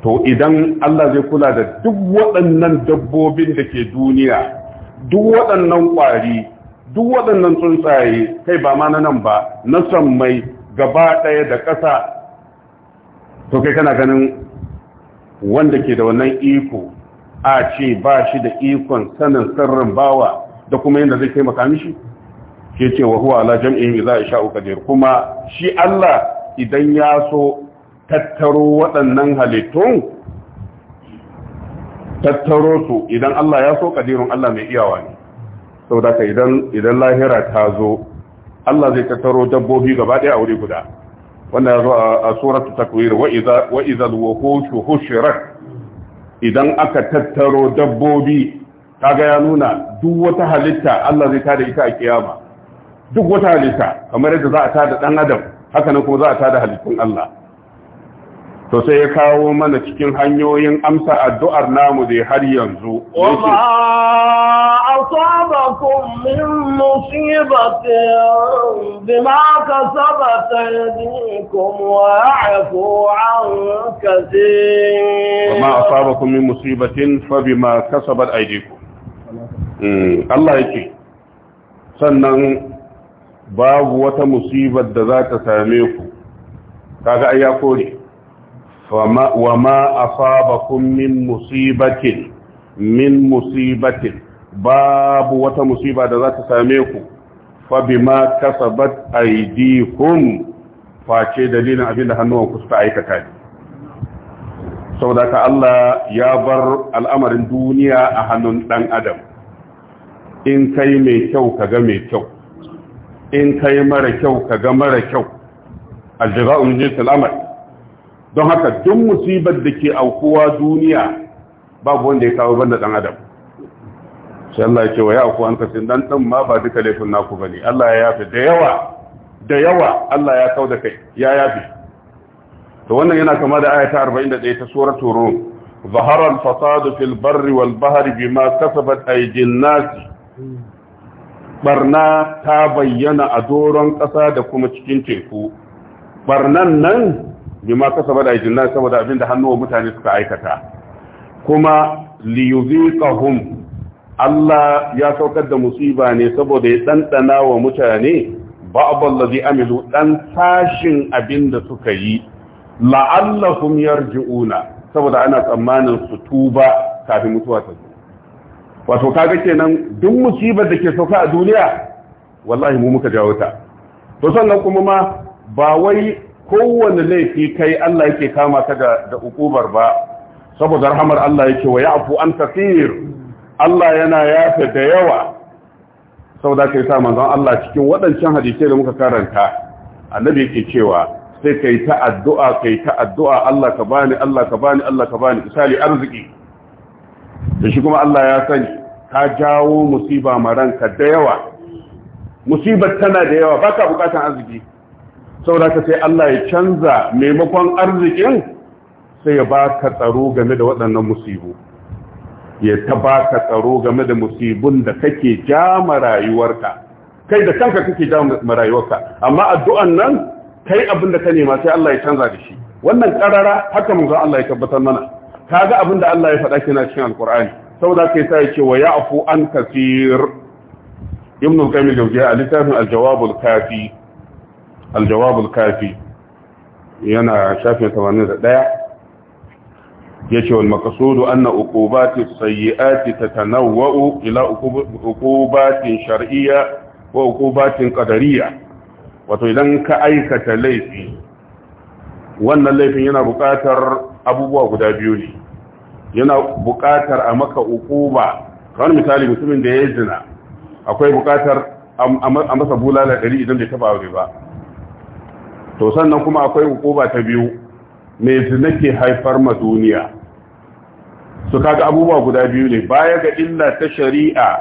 to idan Allah zai kula da duk waɗannan dabbobin da ke duniya duk waɗannan ƙwari duk waɗannan tsuntsaye kai ba ma na nan ba na san mai gaba ɗaya da ƙasa to kai kana ganin wanda ke da wannan iko a ce ba shi da ikon sanin sirrin bawa da kuma yadda zai taimaka mishi ke ce wa huwa ala za a sha'u qadir kuma shi Allah idan ya so tattaro waɗannan halittun tattaro su idan Allah ya so ƙadirun Allah mai iyawa ne da ka idan lahira ta zo Allah zai tattaro dabbobi gaba ɗaya a wuri guda wanda ya zo a suratu takwir wa idza wa idza idan aka tattaro dabbobi kaga ya nuna duk wata halitta Allah zai tada ita a kiyama duk wata halitta kamar yadda za a tada ɗan adam haka nan kuma za a tada halittun Allah to sai ya kawo mana cikin hanyoyin amsa addu'ar namu da har yanzu wama asabakum min musibatin bima kasabat aydikum wa ya'fu an kaseer wama asabakum min musibatin fa bima kasabat aydikum hmm, Allah yake sannan babu wata musibar da za ta same ku kaga ai ya kore wa ma asabakum min musibatin min musibatin babu wata musiba da za ta same ku fa bima kasabat aydikum face dalilin abinda ku suka aikata ne saboda ka Allah ya bar al'amarin duniya a hannun ɗan adam in kai mai kyau ka ga mai kyau in ka yi mara kyau ka ga mara kyau aljaza'u min jinsil amal don haka duk musibar da ke aukuwa duniya babu wanda ya kawo banda dan adam sai Allah ya ce wa ya auku an kasin dan dan ma ba duka laifin naku ba ne. Allah ya yafi da yawa da yawa Allah ya kau da kai ya yafi to wannan yana kama da ayata 41 ta suratul rum ظهر الفساد في البر والبحر بما كسبت أيدي الناس barna ta bayyana a doron ƙasa da kuma cikin teku barnan nan bima bada da ajinna saboda abinda hannuwa mutane suka aikata kuma liyuziqahum Allah ya saukar da musiba ne saboda ya dandana wa mutane ba'dal ladhi amilu dan tashin abinda suka yi la'allahum yarji'una saboda ana tsammanin su tuba kafin mutuwa ta zo wato kaga kenan duk musibar da ke sauka a duniya wallahi mu muka jawo ta to sannan kuma ma ba wai kowanne laifi kai Allah yake kama ka da da ukubar ba saboda rahmar Allah yake wa ya'fu an kafir Allah yana yafe da yawa saboda kai sa manzon Allah cikin waɗancan hadisai da muka karanta annabi yake cewa sai kai ta addu'a kai ta addu'a Allah ka bani Allah ka bani Allah ka bani misali arziki da shi kuma Allah ya sani ka jawo musiba ma da yawa musibar tana da yawa baka bukatan arziki saboda ka sai Allah ya canza maimakon arzikin sai ya baka tsaro game da waɗannan musibu ya ta baka tsaro game da musibun da kake ma rayuwarka kai da kanka kake ma rayuwarka amma addu'an nan kai abin da ka nema sai Allah ya canza da shi wannan karara haka mun ga Allah ya tabbatar mana kaga abin da Allah ya faɗa kina cikin Alƙur'ani. saboda kai sai ce wa ya'fu an kasir ibn al-qayyim al a littafin Aljawabul jawab al-kafi al-jawab al-kafi yana shafin 81 yace wal maqsudu anna uqubati ta tanawa'u, ila uqubatin shar'iyya wa uqubatin qadariyya wato idan ka aikata laifi wannan laifin yana buƙatar abubuwa guda biyu ne yana buƙatar a maka ukuba kamar misali mutumin da ya yi zina akwai buƙatar a masa bulala ɗari idan bai taɓa wuri ba to sannan kuma akwai ukuba ta biyu mai zina ke haifar ma duniya su kaga abubuwa guda biyu ne baya ga illa ta shari'a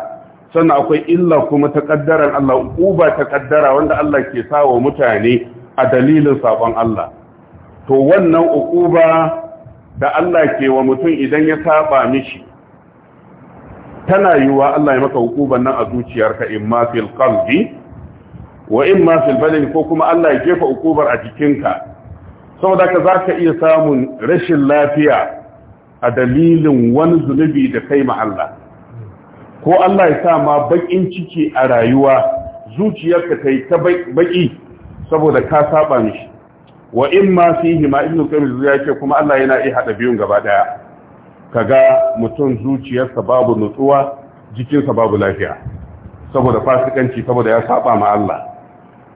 sannan akwai illa kuma ta ƙaddaran Allah ukuba ta ƙaddara wanda Allah ke sa wa mutane a dalilin sabon Allah to wannan ukuba da Allah ke wa mutum idan ya saba mishi tana yiwa Allah ya maka hukuban nan a zuciyarka in ma fil qalbi wa in ma fil badan ko kuma Allah ya jefa hukubar a jikinka saboda ka zaka iya samun rashin lafiya a dalilin wani zunubi da kai ma Allah ko Allah ya sa ma bakin ciki a rayuwa zuciyarka kai ta baki saboda ka saba mishi wa in ma fihi ma ibnu qayyim ya ce kuma Allah yana iya hada biyun gaba daya kaga mutum zuciyarsa babu nutsuwa jikinsa babu lafiya saboda fasikanci saboda ya saba ma Allah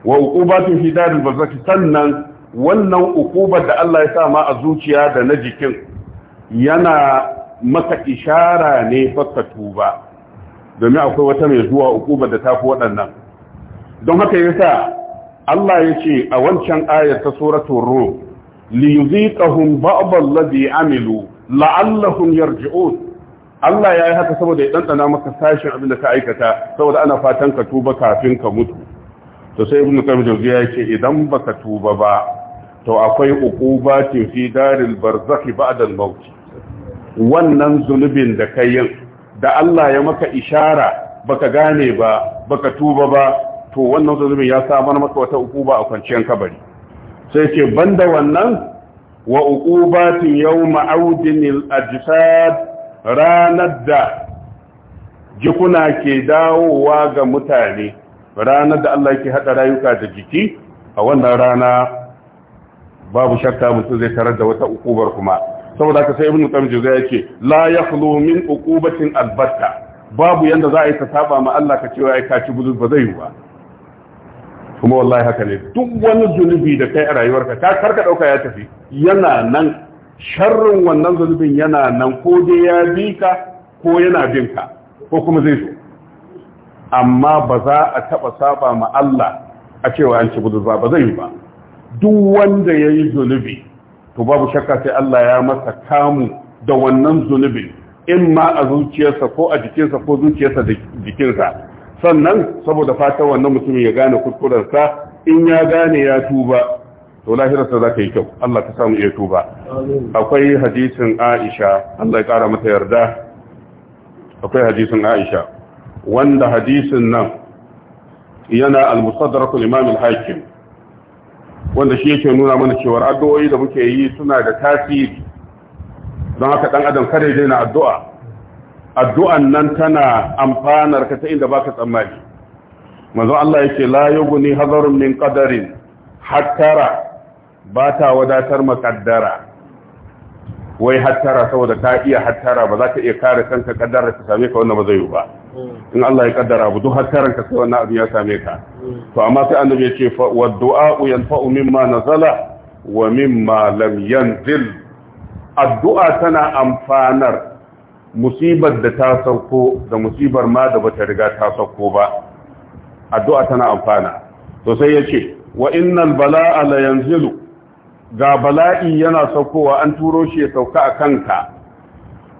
wa uqubatu fi daril barzakh sannan wannan uqubar da Allah ya sa ma a zuciya da na jikin yana maka ishara ne fakka tuba domin akwai wata mai zuwa uqubar da tafi waɗannan don haka yasa Allah ya ce a wancan ayar ta suratul ro li yuziqahum ba'd alladhi amilu la'allahum yarji'un Allah ya yi haka saboda ya ɗanɗana maka sashen abin da ka aikata saboda ana fatan ka tuba kafin ka mutu to sai ibnu qayyim da ya ce idan baka tuba ba to akwai uqubatin fi daril barzakh ba'da al-maut wannan zunubin da kayin da Allah ya maka ishara baka gane ba baka tuba ba to wannan zunubin ya samar masa wata ukuba a kwanciyar kabari sai ce banda wannan wa uqubatin yawma audin a ajsad ranar da jikuna ke dawowa ga mutane ranar da Allah ke haɗa rayuka da jiki a wannan rana babu shakka mutum zai tarar da wata ukubar kuma saboda haka sai ibnu qayyim zai ce la yakhlu min uqubatin albatta babu yanda za a yi ta saba ma Allah ka cewa ai ka ci ba zai yi ba kuma wallahi haka ne duk wani zunubi da kai a rayuwarka ta karka dauka ya tafi yana nan sharrin wannan zunubin yana nan ko dai ya bi ka ko yana bin ka ko kuma zai zo amma ba za a taba saba ma Allah a cewa an ci budu ba zai yi ba duk wanda ya yi zunubi to babu shakka sai Allah ya masa kamu da wannan zunubin in ma a zuciyarsa ko a jikinsa ko zuciyarsa da jikinsa sannan saboda fatan wannan mutumin ya gane kuskurarsa in ya gane ya tuba to lahirarsa za ka yi kyau Allah ka samu iya tuba akwai hadisin Aisha Allah ya kara mata yarda akwai hadisin Aisha wanda hadisin nan yana al-musaddaq al-imam al-hakim wanda shi yake nuna mana cewa addu'o'i da muke yi suna da tasiri don haka dan adam kare daina addu'a addu'an nan tana amfanar ka ta inda baka tsammani manzo Allah yake la yughni hadarun min qadarin hattara ba ta wadatar makaddara wai hattara saboda ta iya hattara ba za ka iya kare kanka kaddara ta same ka wannan ba zai yi ba hmm. in Allah ya kaddara abu duk hattaran ka sai wannan abu ya same ka hmm. to amma sai annabi ya ce wa du'a yanfa'u mimma nazala wa mimma lam yanzil addu'a tana amfanar musibar da ta sauko da musibar ma da bata riga ta sauko ba addu'a tana amfana to sai yace wa innal bala'a la yanzilu ga bala'i yana saukowa an turo shi ya sauka a kanka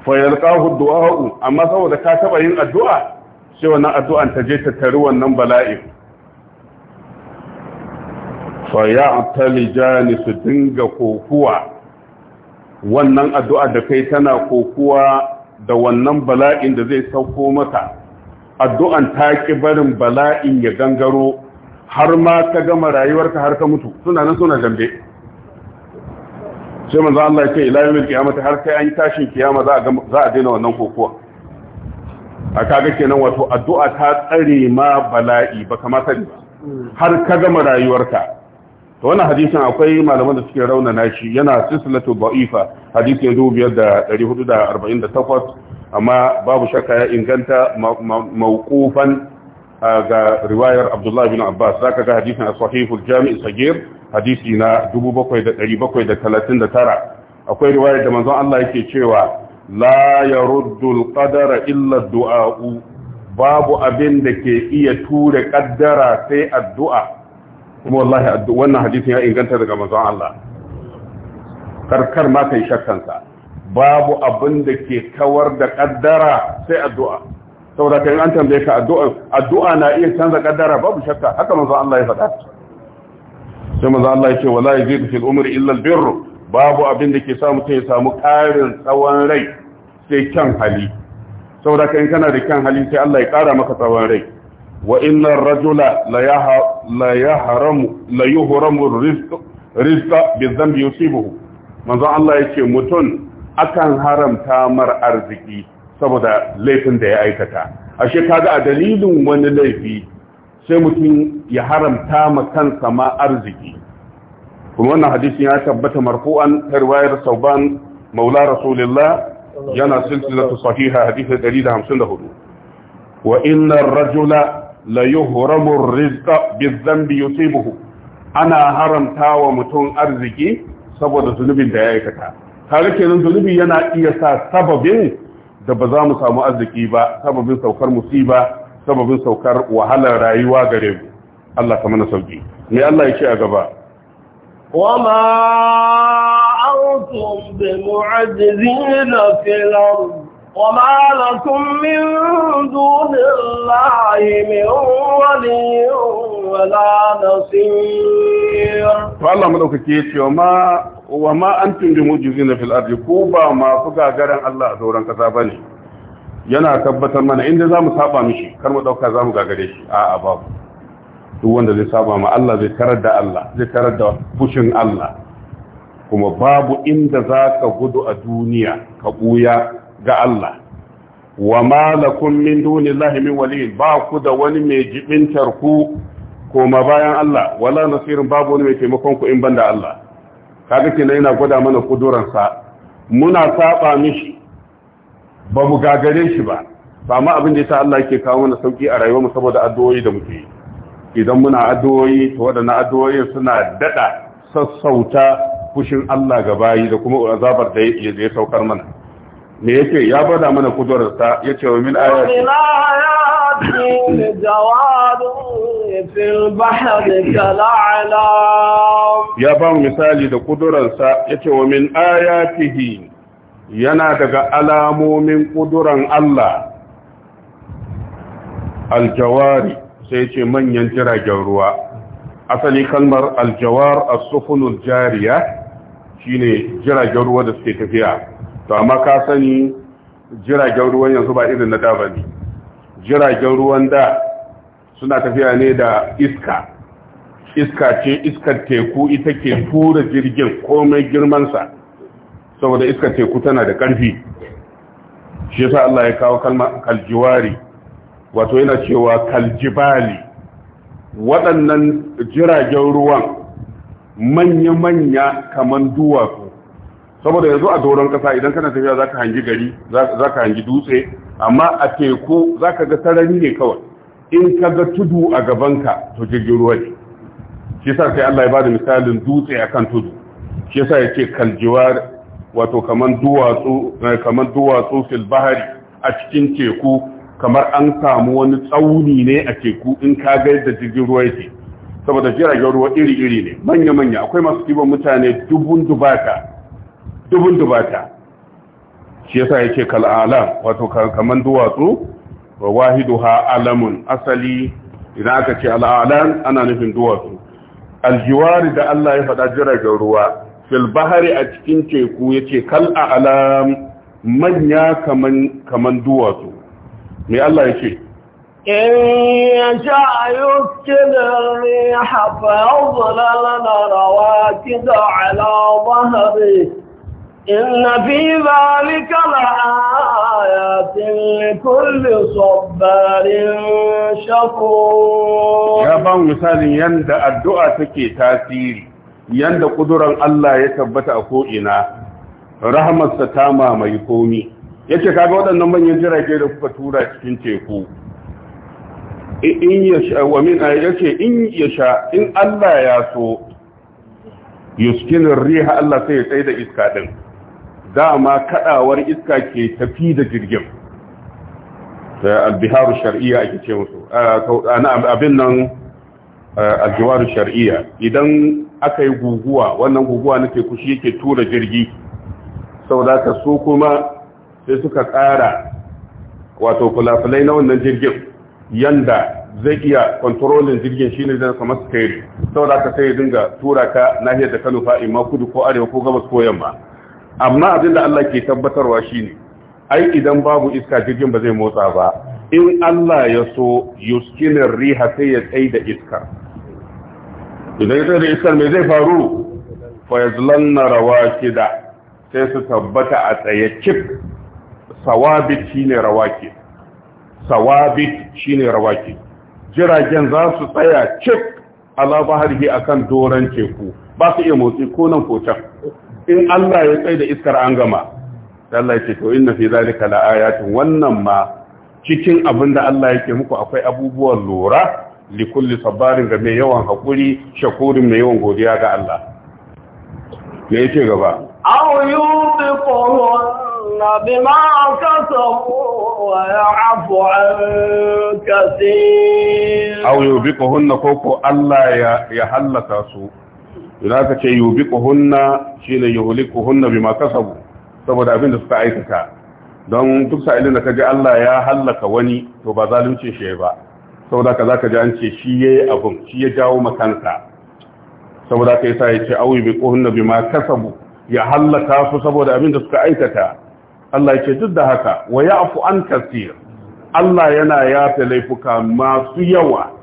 fa yalqahu du'a'u amma saboda ka taba yin addu'a sai wannan addu'an ta je ta tari wannan bala'in fa ya'talijani su dinga kokuwa wannan addu'a da kai tana kokuwa da wannan bala'in da zai sauko mata addu'an ta ki barin bala'in ya gangaro har ma ka gama rayuwarta har ka mutu suna nan suna jambe sai manzo Allah ya ce ila yawmil qiyamati har sai an tashin kiyama za a za a daina wannan kokowa a kaga kenan wato addu'a ta tsare ma bala'i ba kama ba har ka gama rayuwarka to wannan hadisin akwai malaman da suke raunana shi yana silsilatu da'ifa hadisi ya dubu biyar da ɗari hudu da arba'in da takwas amma babu shakka ya inganta mawqufan ga riwayar abdullahi bin abbas ka ga hadisin a sahihul jami'i sagir hadisi na dubu bakwai da ɗari bakwai da talatin da tara akwai riwayar da manzon Allah yake cewa la ruddu qadara illa du'a'u babu abin da ke iya ture kaddara sai addu'a kuma wallahi wannan hadisin ya inganta daga manzon Allah karkar ma kai shakkansa babu abin da ke kawar da kaddara sai addu'a saboda kai an tambaye ka addu'a addu'a na iya canza kaddara babu shakka haka manzo Allah ya faɗa sai manzo Allah ya ce wala yazidu fil umri illa al birr babu abin da ke sa mutum ya samu karin tsawon rai sai kyan hali saboda kai kana da kyan hali sai Allah ya ƙara maka tsawon rai wa innar rajula la yahramu la yuhramu rizqa rizqa bi dhanbi yusibuhu manzo Allah ya ce mutum akan haramta mar arziki saboda laifin da ya aikata ashe kaga a dalilin wani laifi sai mutum ya haramta ma kansa ma arziki kuma wannan ya tabbata marfu'an tarwayar sauban maula rasulullah yana silsilatu sahiha hadisi 154 wa inna ar-rajula la yuhramu ar-rizqa bi-dhanbi yusibuhu ana haramta wa mutum arziki saboda zunubin da ya aikata tare kenan zunubi yana iya sa sababin da ba za mu samu arziki ba sababin saukar musiba sababin saukar wahalar rayuwa gare mu Allah ta mana sauki me Allah ya ce a gaba wama antum bi mu'ajizina fil ardh وما لكم من دون الله من ولي ولا نصير فالله ملوك كيتي وما وما أنتم بمجزين في الأرض كوبا ما فقا قرن الله دورا كتابني yana tabbatar mana inda za mu saba mishi kar mu dauka za mu gagare shi a babu duk wanda zai saba ma Allah zai tarar da Allah zai tarar da fushin Allah kuma babu inda za ka gudu a duniya ka buya ga Allah wa ma lakum min dunillahi min waliyin ba ku da wani mai jibintar ku koma bayan Allah wala nasirin babu wani mai taimakon ku in banda Allah kaga kenan yana gwada mana kudurarsa sa muna saba mishi ba mu gagare shi ba ba mu abin da ya sa Allah yake kawo mana sauki a rayuwarmu saboda addu'o'i da muke idan muna addu'o'i to waɗannan addu'o'i suna daɗa sassauta fushin Allah ga bayi da kuma azabar da ya saukar mana me yake ya bada mana kudurarsa ya ce wa min ayati ya ba misali da kudurarsa ya ce wa min ayatihi yana daga alamomin kuduran Allah aljawari sai ce manyan jiragen ruwa asali kalmar aljawar a sufunul jariya shine jiragen ruwa da suke tafiya to amma ka sani jiragen ruwan yanzu ba irin na da ba ne jiragen ruwan da suna tafiya ne da iska iska ce iskar teku ita ke tura jirgin komai girmansa saboda iskar teku tana da ƙarfi shi yasa Allah ya kawo kalma kaljiwari wato yana cewa kaljibali waɗannan jiragen ruwan manya-manya kamar duwatsu saboda yanzu a doron kasa idan kana tafiya zaka hangi gari zaka hangi dutse amma a teku zaka ga sarari ne kawai in ka ga tudu a gabanka to jirgin ruwa ne shi yasa sai Allah ya bada misalin dutse kan tudu shi yasa ce kaljiwar wato kaman duwatsu eh, kaman duwatsu fil bahari a cikin teku kamar an samu wani tsauni ne a teku in ka ga yadda jirgin ruwa yake saboda jiragen ruwa iri-iri ne manya-manya akwai masu kiban mutane dubun dubaka dubun dubata shi yasa yake ala wato kaman duwatsu wa wahiduha alamun asali idan aka ce al'alan, ana nufin duwatsu aljiwari da Allah ya faɗa jiragen ruwa fil bahari a cikin teku yace kal'alam manya kaman kaman duwatsu me Allah yake إن يشاء يسكن rawa فيظللن رواتد إن في ذلك لآيات لكل صبار شكور يا بان مثال يند الدعاء تكي تاثير يند قدرا الله يتبت أكوئنا رحمة ستاما ما يكوني yace kaga waɗannan manyan jirage da kuka tura cikin teku in sha, wa min ayyace in sha in Allah ya so yuskinin riha Allah sai ya tsaye da iska din dama kadawar iska ke tafi da jirgin ta albiharu shar'iyya ake ce musu abin nan aljiwaru shar'iyya idan aka yi guguwa wannan guguwa na teku yake tura jirgi sau da ka so kuma sai suka ƙara wato kulafilai na wannan jirgin yanda zai iya kontrolin jirgin shi ne zai kama su kai sau da ka sai dinga tura ka nahiyar da Kano, Fa'ima, kudu ko arewa ko gabas ko yamma amma abin da Allah ke tabbatarwa shine ai idan babu iska jirgin ba zai motsa ba in Allah ya so yuskinin riha sai ya tsaye da iska idan ya tsaye da iskar mai zai faru fayazlan na rawa da sai su tabbata a tsaye cik sawabit shine rawaki sawabit shine rawaki jiragen za su tsaya cik ala a akan doron teku ba su iya motsi ko nan ko can in Allah ya tsaye da iskar an gama Allah ya ce to inna fi zalika laayatin wannan ma cikin abin da Allah yake muku akwai abubuwan lura li kulli sabarin ga mai yawan hakuri shakurin mai yawan godiya ga Allah me yake gaba aw yutiqun bima kasabu wa ya'fu an kaseer aw yubiqun koko Allah ya ya halaka su idan aka ce yubiquhunna shine yuhlikuhunna bima kasabu saboda abin da suka aikata don duk sa'ilin da kaji Allah ya hallaka wani to ba zalunci shi ba saboda ka zaka ji an ce shi yayi abun shi ya jawo makansa saboda ka ce yace bi yubiquhunna bima kasabu ya hallaka su saboda abin da suka aikata Allah yace duk da haka wa ya'fu an kaseer Allah yana yafe laifuka masu yawa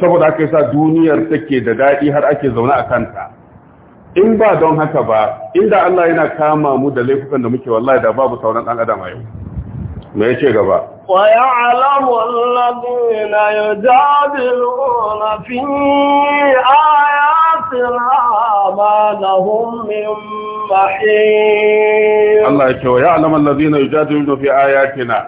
saboda aka yasa duniyar take da daɗi har ake zaune a kanta in ba don haka ba inda Allah yana kama mu da laifukan da muke wallahi da babu sauran ɗan adam a yau me yace gaba wa ya'lamu alladhina yajadiluna fi ayatina ma lahum min mahis Allah ya ce wa ya'lamu alladhina yajadiluna fi ayatina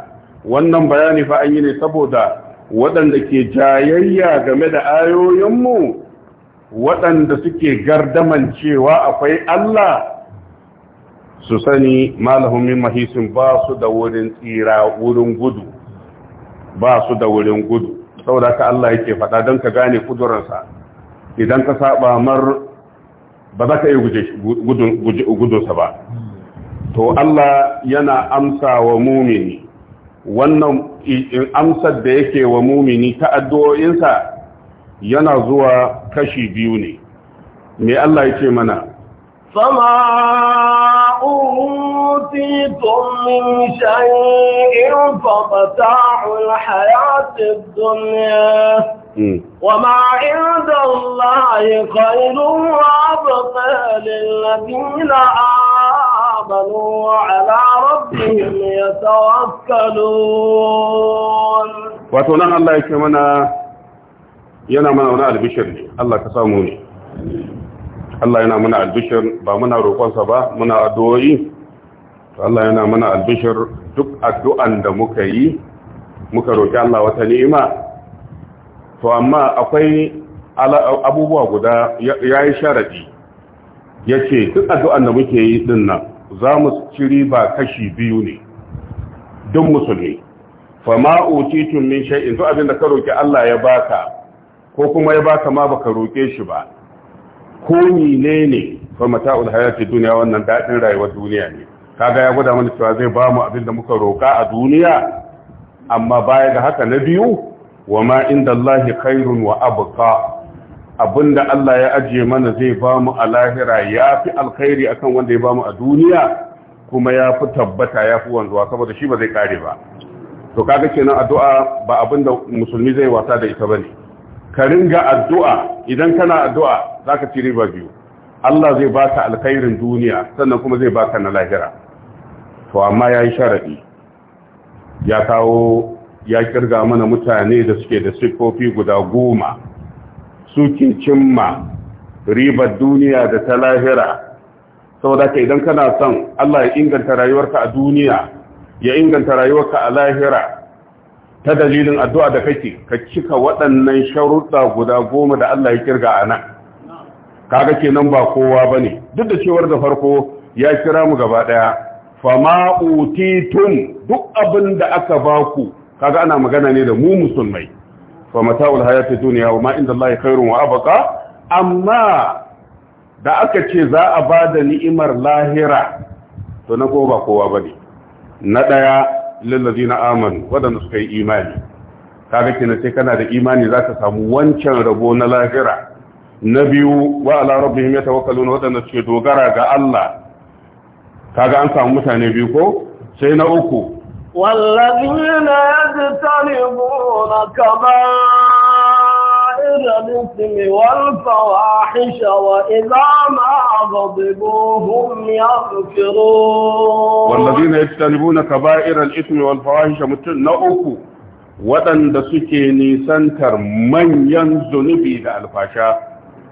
wannan bayani fa an yi ne saboda waɗanda ke jayayya game da ayoyinmu waɗanda suke gardaman cewa akwai Allah su sani malahumin mahisin ba su da wurin tsira wurin gudu ba su da wurin gudu saboda ka Allah yake faɗa don ka gane kudurarsa idan ka saba mar ba za ka yi gudunsa ba to Allah yana amsa wa mumini wannan amsar da yake wa mumini ta addu'o'insa yana zuwa kashi biyu ne me Allah yake mana فما أوتيتم من شيء فمتاع الحياة الدنيا وما عند الله خير وأبقى للذين آمنوا وعلى ربهم yatawakkalun wato nan Allah yake mana yana mana wani albishir ne Allah ka samu ne Allah yana mana albishir ba muna roƙonsa ba muna addu'o'i Allah yana mana albishir duk addu'an da muka yi muka roƙi Allah wata ni'ima to amma akwai abubuwa guda ya yi sharadi ya ce duk addu'an da muke yi dinnan, za mu ciri ba kashi biyu ne duk musulmi Fa ma utitun min shay'in to abin da ka roki Allah ya baka ko kuma ya baka ma baka roke shi ba ko ni ne ne fa mata'ul hayati dunya wannan dadin rayuwar duniya ne kaga ya gwada mana cewa zai bamu abin da muka roka a duniya amma baya ga haka na biyu wa ma inda Allah khairun wa abqa abinda Allah ya ajiye mana zai bamu a lahira fi alkhairi akan wanda ya bamu a duniya kuma ya fi tabbata ya fi wanzuwa saboda shi ba zai kare ba to kaga kenan addu'a ba abin da musulmi zai wasa da ita ba ne. ka ringa addu'a idan kana addu'a zaka ci riba biyu Allah zai baka alkhairin duniya sannan kuma zai baka na lahira to amma yayi sharaɗi. ya kawo ya kirga mana mutane da suke da siffofi guda goma suke cimma ribar duniya da ta lahira saboda ka idan kana son Allah ya inganta rayuwarka a duniya ya inganta rayuwarka a lahira ta dalilin addu'a da kake ka cika waɗannan sharuɗa guda goma da Allah ya kirga a nan kaga kenan ba kowa bane duk da cewar da farko ya kira mu gaba ɗaya fama utitun duk abin da aka baku kaga ana magana ne da mu musulmai fa mata'ul hayati duniya, wa ma inda Allah khairun wa abqa amma da aka ce za a ba da ni'imar lahira to na goba kowa ba ne na ɗaya lallazi na aman waɗanda suka yi imani kaga kina sai kana da imani za ka samu wancan rabo na lahira na biyu wa ala rabbihim yatawakkaluna waɗanda suke dogara ga Allah kaga an samu mutane biyu ko sai na uku wallazina yajtanibuna kama الإثم والفواحش وإذا ما غضبوا هم يغفرون والذين يجتنبون كبائر الإثم والفواحش متنقوا waɗanda suke nisantar manyan zunubi da alfasha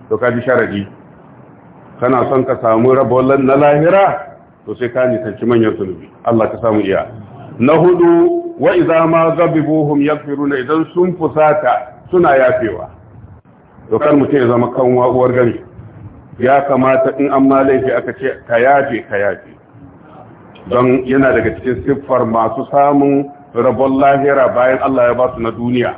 to kaji sharadi kana son ka samu rabolan na lahira to sai ka nisanci manyan zunubi Allah ka samu iya na hudu wa idza ma ghadibuhum yaghfiruna idan sun fusata suna yafewa to kar mutum ya zama kanwa uwar gani ya kamata in an ma laifi aka ce ka yaje, ka yaje. don yana daga cikin siffar masu samun rabon lahira bayan Allah ya ba su na duniya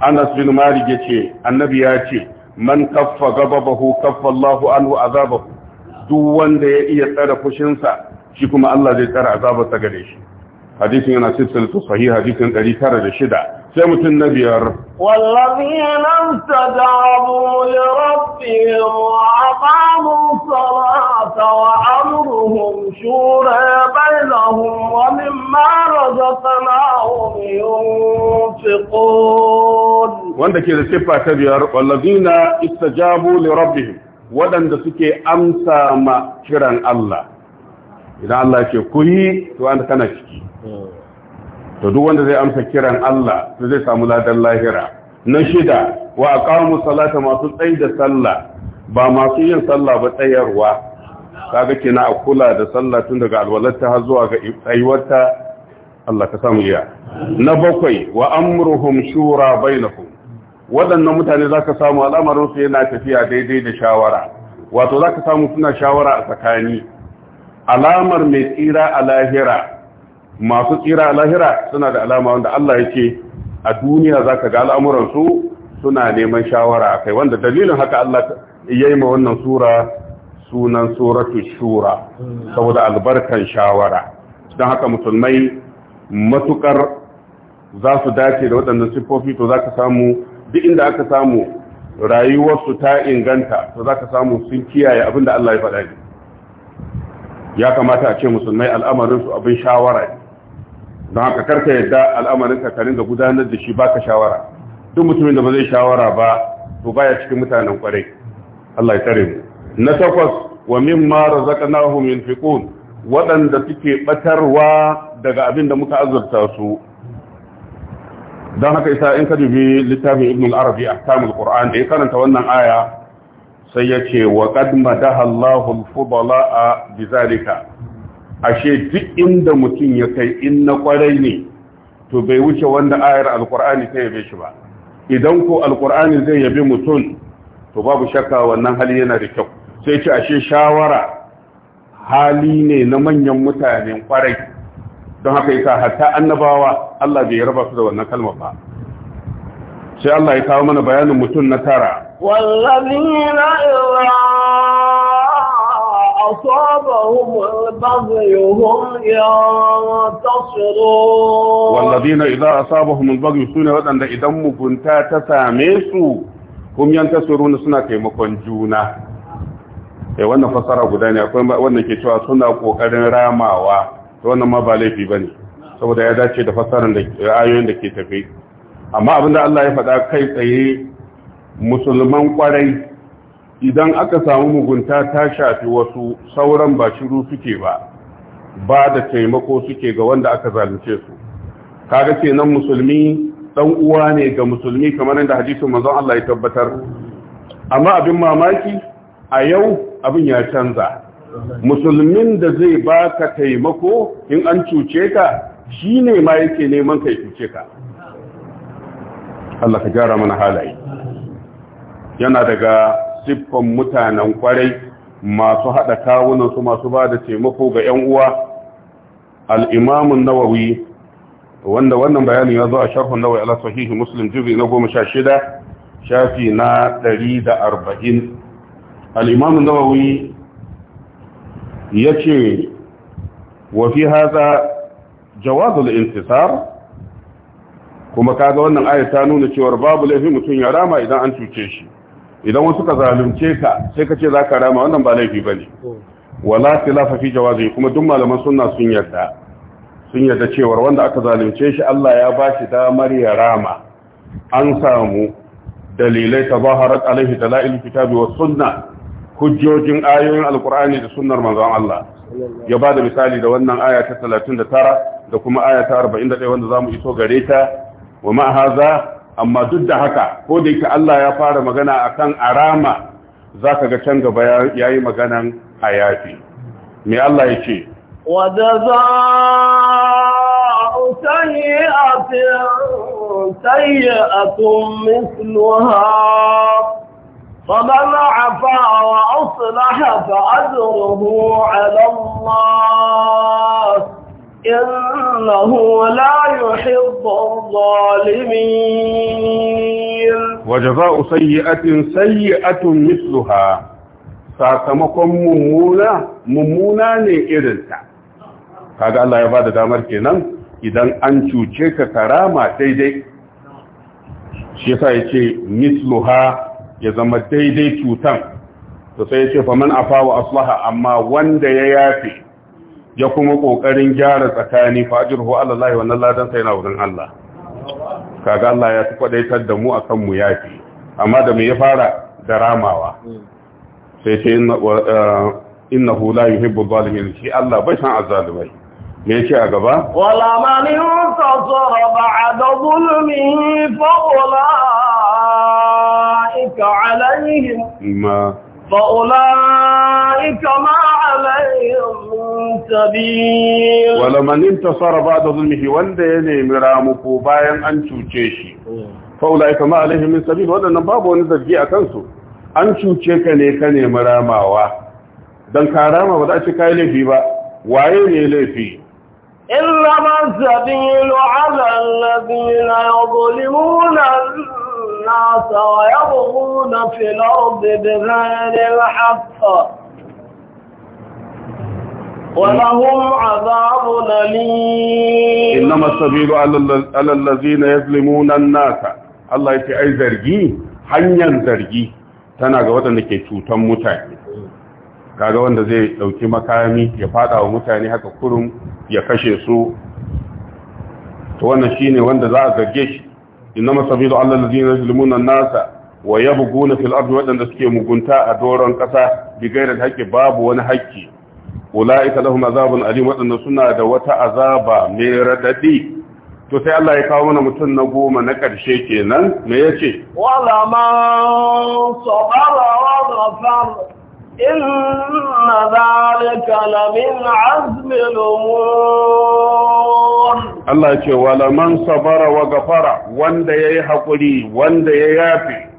Anas bin Malik ya ce annabi ya ce man kaffa gababahu kaffa Allahu anhu azabahu duk wanda ya iya tsara fushinsa shi kuma Allah zai tsara azabarsa gare shi hadisin yana da sahih hadisin 906 sai mutum na biyar والذين استجابوا لربهم وأقاموا الصلاة وأمرهم شورى بينهم ومما رزقناهم ينفقون wanda ke da siffa ta biyar wallazina istajabu li rabbihim wadanda suke amsa ma kiran Allah idan Allah ce kuyi yi to an kana ciki to duk wanda zai amsa kiran Allah to zai samu ladan lahira na shida wa aqamu salata masu tsayi da sallah ba masu yin sallah ba tsayarwa kaga kina a kula da sallah tun daga alwalarta har zuwa ga tsayuwarta Allah ka samu iya na bakwai wa amruhum shura bainakum waɗannan mutane zaka samu al'amarin su yana tafiya daidai da shawara wato zaka samu suna shawara a tsakani alamar mai tsira a lahira masu tsira a lahira suna da alama wanda Allah ya ce a duniya za ka ga al'amuransu suna neman shawara a kai wanda dalilin haka Allah ya yi ma wannan sura sunan suratu shura saboda albarkan shawara don haka musulmai matukar za su dace da waɗannan siffofi to za ka samu duk inda aka samu rayuwarsu ta inganta to za ka samu sun kiyaye abin da Allah ya faɗa ne ya kamata a ce musulmai al'amarinsu abin shawara ne don haka karka yadda al'amarin ka karin da gudanar da shi baka shawara duk mutumin da ba zai shawara ba to baya cikin mutanen kwarai Allah ya tare mu na takwas wa mimma razaqnahum yunfiqun waɗanda suke batarwa daga abin da muka azurta su don haka isa in ka dubi littafin ibn al-arabi al qur'an da ya karanta wannan aya sai ya ce wa qad madaha Allahu al-fudala bi zalika ashe duk inda mutum ya kai in na kwarai ne to bai wuce wanda ayar alkur'ani ta yabe shi ba idan ko alkur'ani zai yabi mutum to babu shakka wannan hali yana da kyau sai ce ashe shawara hali ne na manyan mutanen kwarai don haka yasa hatta annabawa Allah bai raba su da wannan kalmar ba sai Allah ya kawo mana bayanin mutum na tara ilaha أصابهم البغي هم ينتصرون والذين إذا أصابهم البغي سنة ودن إذا مبنتا تساميسوا هم ينتصرون سنة مكنجونة eh wannan fasara guda ne akwai wannan ke cewa suna kokarin ramawa to wannan ma ba laifi bane saboda ya dace da fasaran da ayoyin da ke tafi amma abinda Allah ya faɗa kai tsaye musulman kwarai idan aka samu mugunta ta shafi wasu sauran ba shiru suke ba ba da taimako suke ga wanda aka zalunce su kaga kenan musulmi dan uwa ne ga musulmi kamar yadda hadisi manzon Allah ya tabbatar amma abin mamaki a yau abin ya canza musulmin da zai baka taimako in an cuce ka shine ma yake neman kai cuce ka Allah ka gyara mana halaye yana daga siffan mutanen kwarai masu haɗa kawunansu masu ba da taimako ga 'yan uwa al'imamun nawawi wanda wannan bayanin ya zo a sharhun nawawi ala sahihi muslim juzi na goma sha shida shafi na ɗari da arba'in al'imamun nawawi ya ce wafi haza jawazul intisar kuma kaga wannan aya ta nuna cewar babu laifin mutum ya rama idan an cuce shi idan wasu ka zalunce ka sai ka ce za ka rama wannan ba laifi ba ne wala tilafa fi jawazi kuma duk malaman sunna sun yarda sun yarda cewar wanda aka zalunce shi Allah ya ba shi damar ya rama an samu dalilai tabaharat alaihi dalail kitabi was sunna hujjojin ayoyin alqur'ani da sunnar manzon Allah ya ba da misali da wannan aya ta 39 da kuma aya ta 41 wanda zamu iso gare ta wa ma amma duk da haka ko da yake Allah ya fara magana akan arama zaka ga can gaba yayi maganan ayafi me Allah yake wa سيئة سيئة مثلها فمن عفا وأصلح فأجره على الله إنه لا يحب الظالمين وجزاء سيئة سيئة مثلها sakamakon mummuna mummuna ne irinta kaga Allah ya bada damar kenan idan an cuce ka karama daidai shi yasa yace misluha ya zama daidai cutan to sai yace faman afa wa aslaha amma wanda ya yafe ya kuma kokarin gyara tsakani fa ajruhu ala Allah wannan ladan sai na wurin Allah kaga Allah ya kwadaitar da mu akan mu yafi amma da me ya fara da ramawa sai ce eh, innahu la yuhibbu zalimin shi Allah bai san azalimai me yake a gaba wala man yusara ba'da zulmi fa ulaika alaihim ma fa ulaika ma alaihim السبيل ولمن انتصر بعد ظلمه wanda ya nemi ramuko bayan an cuce shi faulaika kama alaihi min sabil wadannan babu wani zargi a kansu an cuce ka ne ka nemi ramawa dan ka rama ba za ce kai laifi ba waye ne laifi illa ma sabilu ala alladhina yuzlimuna الناس ويبغون في الأرض بغير الحق ولهم عذاب أليم إنما السبيل على الذين يظلمون الناس Allah ya ce ai zargi hanyar zargi tana ga waɗanda ke cutan mutane kaga wanda zai ɗauki makami ya fada mutane haka kurum ya kashe su to wannan shine wanda za a zarge shi inna masabilu Allah lazina zulmuna nasa wa yabghuna fil ardi waɗanda suke mugunta a doron ƙasa bi gairar haƙƙi babu wani haƙƙi ula'ika lahum azabun alim waɗanda suna da wata azaba mai radadi to sai Allah ya kawo mana mutum na goma na ƙarshe kenan me yace wala man sabara wa ghafar inna zalika la min azmi al-umur Allah ya ce wala man sabara wa ghafara wanda yayi hakuri wanda ya yafi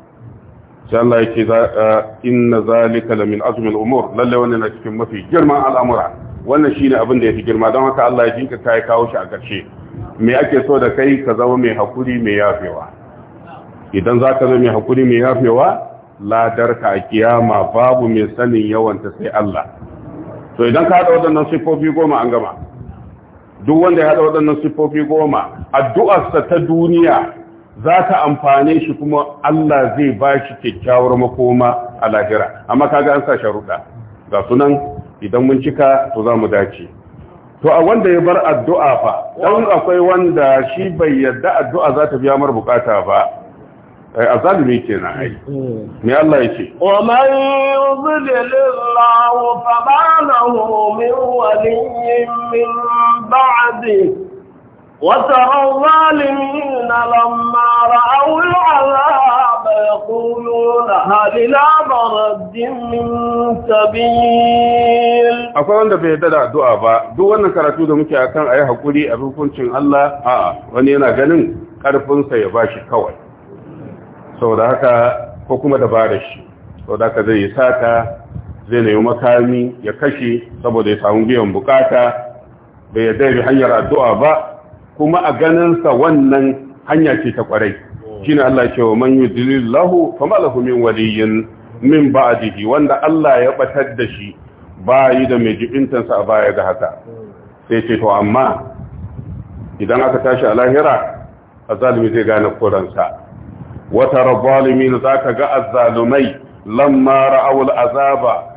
sai Allah yake ah, inna zalika la min azmil umur lalle wannan na cikin mafi girman al'amura wannan shine abin da yafi girma don haka Allah ya jinka k'a yi kawo shi a ƙarshe me ake so da kai ka zama mai hakuri mai yafewa idan za ka zama mai hakuri mai yafewa ladarka a kiyama babu mai sanin yawanta sai Allah to idan ka haɗa waɗannan sifofi goma an gama duk wanda ya haɗa waɗannan sifofi goma addu'arsa ta duniya za ta amfane shi kuma Allah zai ba shi kyakkyawar makoma a lahira amma kaga an sa sharuɗa ga sunan idan mun cika to za mu dace to a wanda ya bar addu'a fa Dan akwai wanda shi bai yadda addu'a za ta biya mar bukata ba eh, azalimi ke na ai me Allah ce. wa fa min min وترى الظالمين لما رأوا العذاب يقولون هل لا مرد من سبيل akwai wanda bai yadda da addu'a ba duk wannan karatu da muke akan ayi hakuri a hukuncin Allah a wani yana ganin karfin sa ya bashi kawai saboda haka ko kuma dabarar shi saboda haka zai sata zai nemi makami ya kashe saboda ya samu biyan bukata bai yadda bi hanyar addu'a ba kuma a ganinsa wannan hanya ce ta kwarai shi ne Allah ce wa man yudlillahu fama lahu min waliyin min jiki wanda Allah ya batar da shi yi da mai jibintansa a baya ga haka sai ce to amma idan aka tashi a lahira azalimi zai gane kuransa wata rabbalimi za ka ga azzalumai lamma ra'awul azaba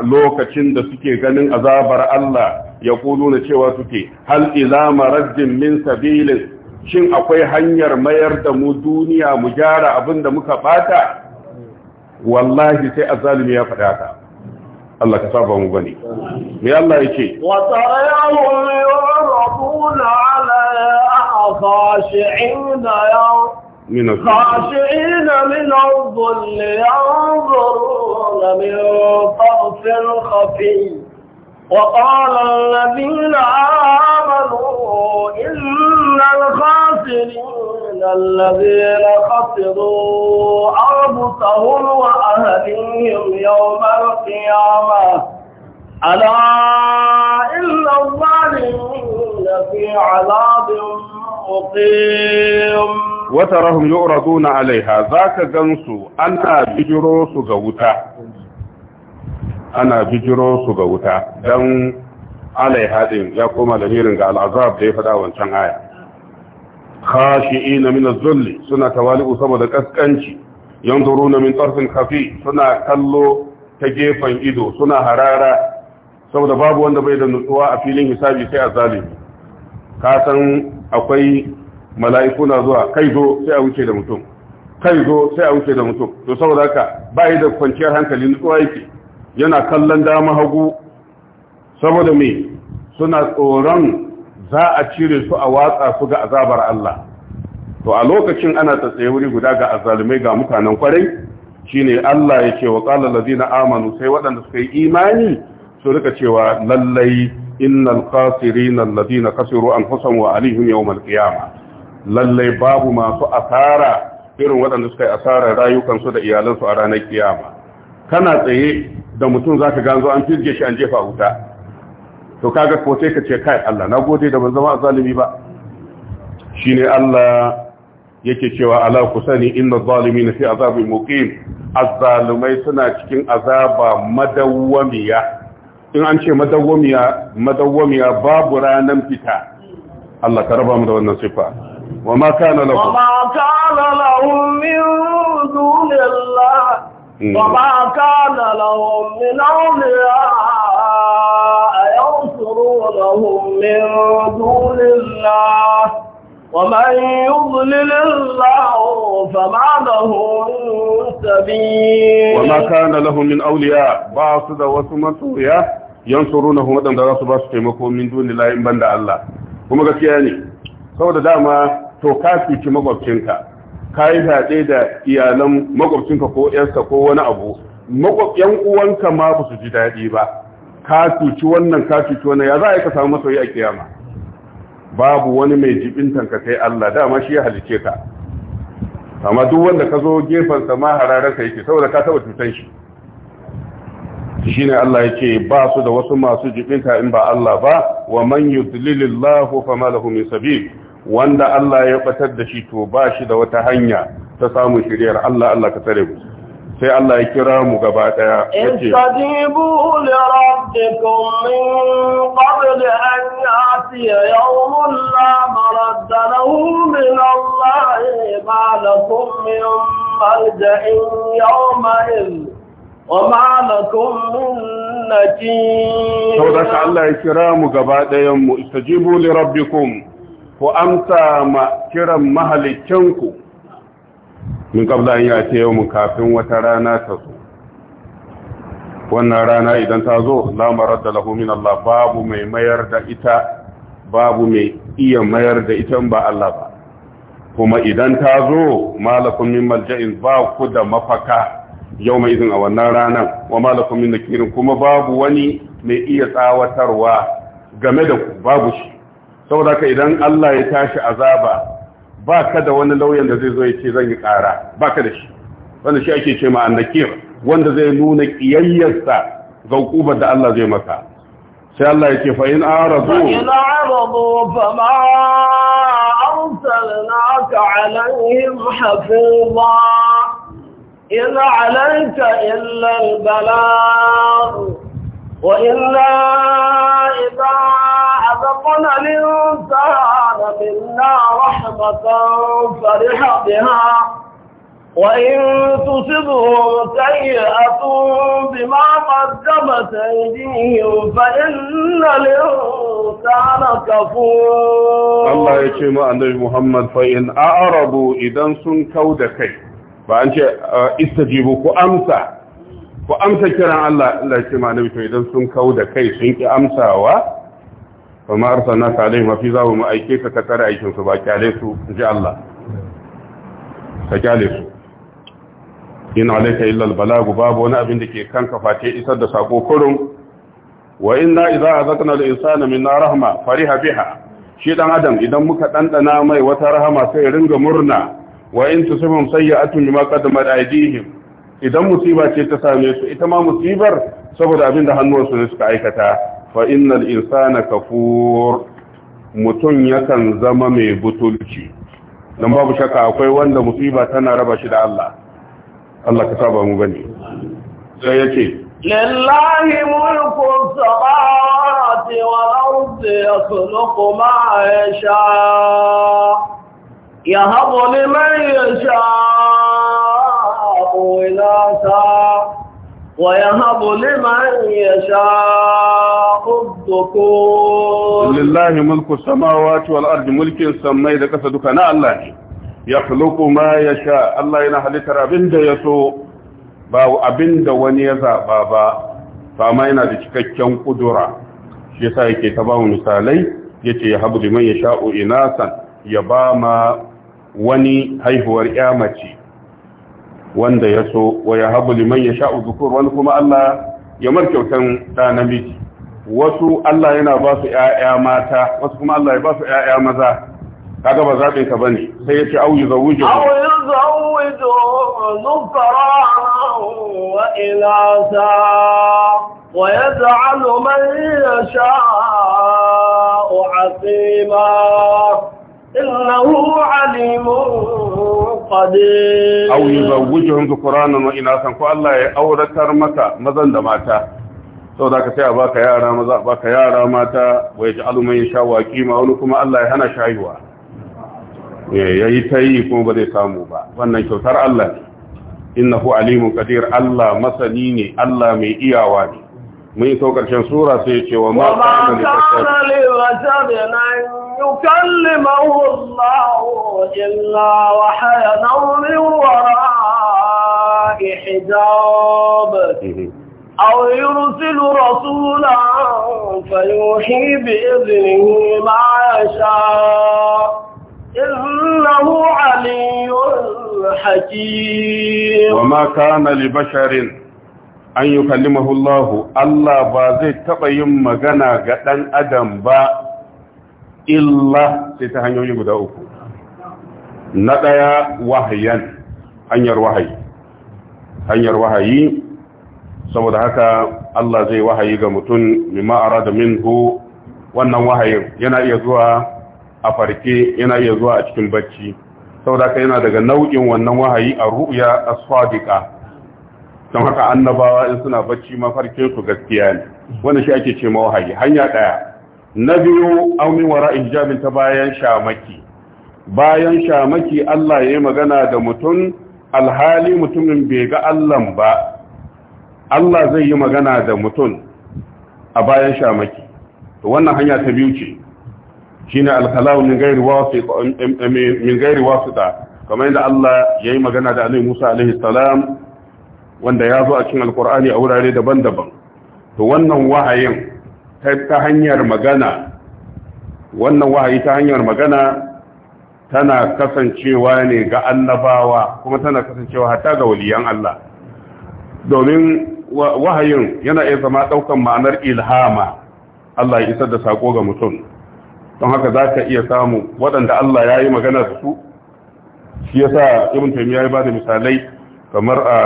lokacin da suke ganin azabar Allah ya kulu na cewa suke hal ila maraddin min sabilin shin akwai hanyar mayar da mu duniya mu gyara abin da muka bata wallahi sai azalimi ya faɗa ka Allah ka saba mu bane me Allah yake wa tarayahum yuraduna ala afashi'ina yawm من الظل خاشعين من الظل ينظرون من طرف خفي وقال الذين آمنوا إن الخاسرين الذين خسروا أربطهم وأهليهم يوم القيامة ألا إن الظالمين في عذاب مقيم wata rahun na alaiha za ka gansu ana bijiro su ga wuta ana bijiro su ga wuta don alaiha din ya koma lamirin ga al'azab da ya fada wancan aya Kashi, min az-zulli suna tawali'u saboda kaskanci yanzuruna min tarfin khafi suna kallo ta gefen ido suna harara saboda babu wanda bai da nutsuwa a filin hisabi sai a zalimi ka akwai mala'iku na zuwa kai zo sai a wuce da mutum kai zo sai a wuce da mutum to saboda haka bai da kwanciyar hankali nutsuwa yake yana kallon dama hagu saboda me suna tsoron za a cire su a watsa su ga azabar Allah to a lokacin ana tsaye wuri guda ga azzalumai ga mutanen kwarai shine Allah yake wa qala allazina amanu sai waɗanda suka yi imani su rika cewa lallai innal khasirina allazina khasiru anfusahum wa alaihim yawm al lallai babu masu asara irin waɗanda suka yi asarar rayukansu da iyalansu a ranar kiyama kana tsaye da mutum za ka ganzo an fizge shi an jefa wuta to kaga ko sai ka ce kai Allah na gode da ban zama zalimi ba shine Allah yake cewa ala ku sani inna zalimin fi azabin muqim azzalumai suna cikin azaba madawwamiya in an ce madawwamiya madawwamiya babu ranan fita Allah ka raba mu da wannan sifa وما كان لهم وما كان لهم من دون الله وما كان لهم من أولياء ينصرونهم من دون الله ومن يضلل الله فما له سبيل وما كان لهم من أولياء بعض وسمته yansurunahum wadanda za su ba su taimako min dunillahi in banda Allah kuma gaskiya ne saboda dama to ka cuci makwabcinka ka yi fyaɗe da iyalan makwabcinka ko ƴansa ko wani abu makwabyan uwanka ma ba su ji daɗi ba ka cuci wannan ka cuci wannan ya za a yi ka samu masoyi a kiyama babu wani mai jibintan ka kai Allah dama shi ya halice ka amma duk wanda ka zo gefen sa ma hararar ka yake saboda ka taba cutan shi shine Allah yake ba su da wasu masu jibinta in ba Allah ba wa man yudlilillahu fama lahu min sabil wanda Allah ya batar da shi to ba shi da wata hanya ta samun shiriyar Allah Allah ka tsare mu sai Allah ya kira mu gaba daya yace istajibu li rabbikum min qabl an ya'tiya yawmun la maradda lahu min Allah ma lakum min marja'in yawma idh وما لكم من نكير سودك الله يكرام قبادة يمو استجيبوا لربكم ku amsa ma kiran mahalicinku min kabla an yace yau mu kafin wata rana ta zo wannan rana idan ta zo la maradda lahu min Allah babu mai mayar da ita babu mai iya mayar da ita ba Allah ba kuma idan ta zo malakum min malja'in ba ku da mafaka yau mai izin a wannan ranar wa malakum min nakirin kuma babu wani mai iya tsawatarwa game da ku babu shi saboda ka idan Allah ya tashi azaba ba ka da wani lauyan da zai zo ya ce zan yi ƙara ba ka da shi wanda shi ake ce ma annakir wanda zai nuna ƙiyayyarsa ga hukumar da Allah zai maka sai Allah ya ce fa in aradu fa ma arsalnaka alaihim hafiza in alayka illa al-balagh wa illa idha أذقنا الإنسان منا رحمة فرح بها وإن تصبهم سيئة بما قدمت أيديهم فإن الإنسان كفور الله يكيم النبي محمد فإن أعرضوا إذا سن دكي فأنت آه، استجيبوا كأمسى ku amsa الله Allah Allah ya ce ma annabi to idan sun kau da kai wa ma arsalnaka alaihim hafiza wa mu aike ka ka tsare aikin su ba kyale su ji Allah ka kyale su in alayka illa albalagu babu wani abin da ke kanka face isar da sako kurum wa inna idza azaqna al-insana minna rahma fariha shi dan adam idan muka dandana mai wata rahama sai ringa murna wa in tusibhum sayyi'atun bima qaddamat aydihim idan musiba ce ta same su ita ma musibar saboda abinda da hannuwansu ne suka aikata fa innal insana kafur mutum yakan zama mai butulci don babu shaka akwai wanda musiba tana raba shi da Allah Allah ka saba mu bane sai yace lillahi mulku samawati wal ardi yakhluqu ma yasha yahabu liman yasha wa ويهب لمن يشاء الذكور لله ملك السماوات والأرض ملك السماء إذا كسدك أنا الله يخلق ما يشاء الله ينحل ترى بند يسوء باو أبند ونيزا بابا فما ينادي تككين قدرة شيسا يكي تباو مثالي يتي يهب لمن يشاء إناسا يباما wani haihuwar yamaci wanda ya so wa ya habu liman ya sha'u zukur wani kuma Allah ya mar kyautan ta namiji wasu Allah yana ba su ‘ya'ya mata wasu kuma Allah ya ba su ‘ya'ya maza Ka gaba zaɓin ka bane sai ya ce au yi auyi zawujo auyi zawujo zukara wa ilasa wa ya za'alu man ya sha'u asima innahu alimun qadir aw yuzawwijuhum dhukuranan wa san ko Allah ya auratar maka mazan da mata da ka sai a baka yara maza a baka yara mata wai ji man yasha wa wani kuma Allah ya hana shayuwa ta yi kuma ba zai samu ba wannan kyautar Allah ne hu alimun qadir Allah masani ne Allah mai iyawa ne وما كان لبشر أن يكلمه الله إلا وحي نوم وراء حجاب أو يرسل رسولا فيوحي بإذنه ما يشاء إنه علي حكيم وما كان لبشر an yi kalli kallimahullahu Allah ba zai taɓa yin magana ga ɗan adam ba illa sai ta hanyoyi guda uku na ɗaya wahayan hanyar wahayi hanyar wahayi saboda haka Allah zai wahayi ga mutum mai da min minhu wannan wahayin yana iya zuwa a farke yana iya zuwa a cikin bacci saboda haka yana daga nau'in wannan wahayi a ru'ya a don haka annabawa in suna bacci mafarkin su gaskiya ne wanda shi ake ce mawahayi hanya daya na biyu aumin wara hijabin ta bayan shamaki bayan shamaki Allah ya yi magana da mutum alhali mutumin bai ga Allah ba Allah zai yi magana da mutum a bayan shamaki to wannan hanya ta biyu ce shine alkalau min gairi wasi min gairi wasita kamar yadda Allah ya yi magana da Annabi Musa alaihi salam wanda ya zo a cikin alkur'ani a wurare daban-daban to wannan wahayin ta hanyar magana wannan wahayi ta hanyar magana tana kasancewa ne ga annabawa kuma tana kasancewa hatta ga waliyan Allah domin wahayin yana iya zama daukan ma'anar ilhama Allah ya isa da sako ga mutum don haka za ka iya samu waɗanda Allah ya yi magana su shi yasa ibn taymiyyah ya ba da misalai kamar a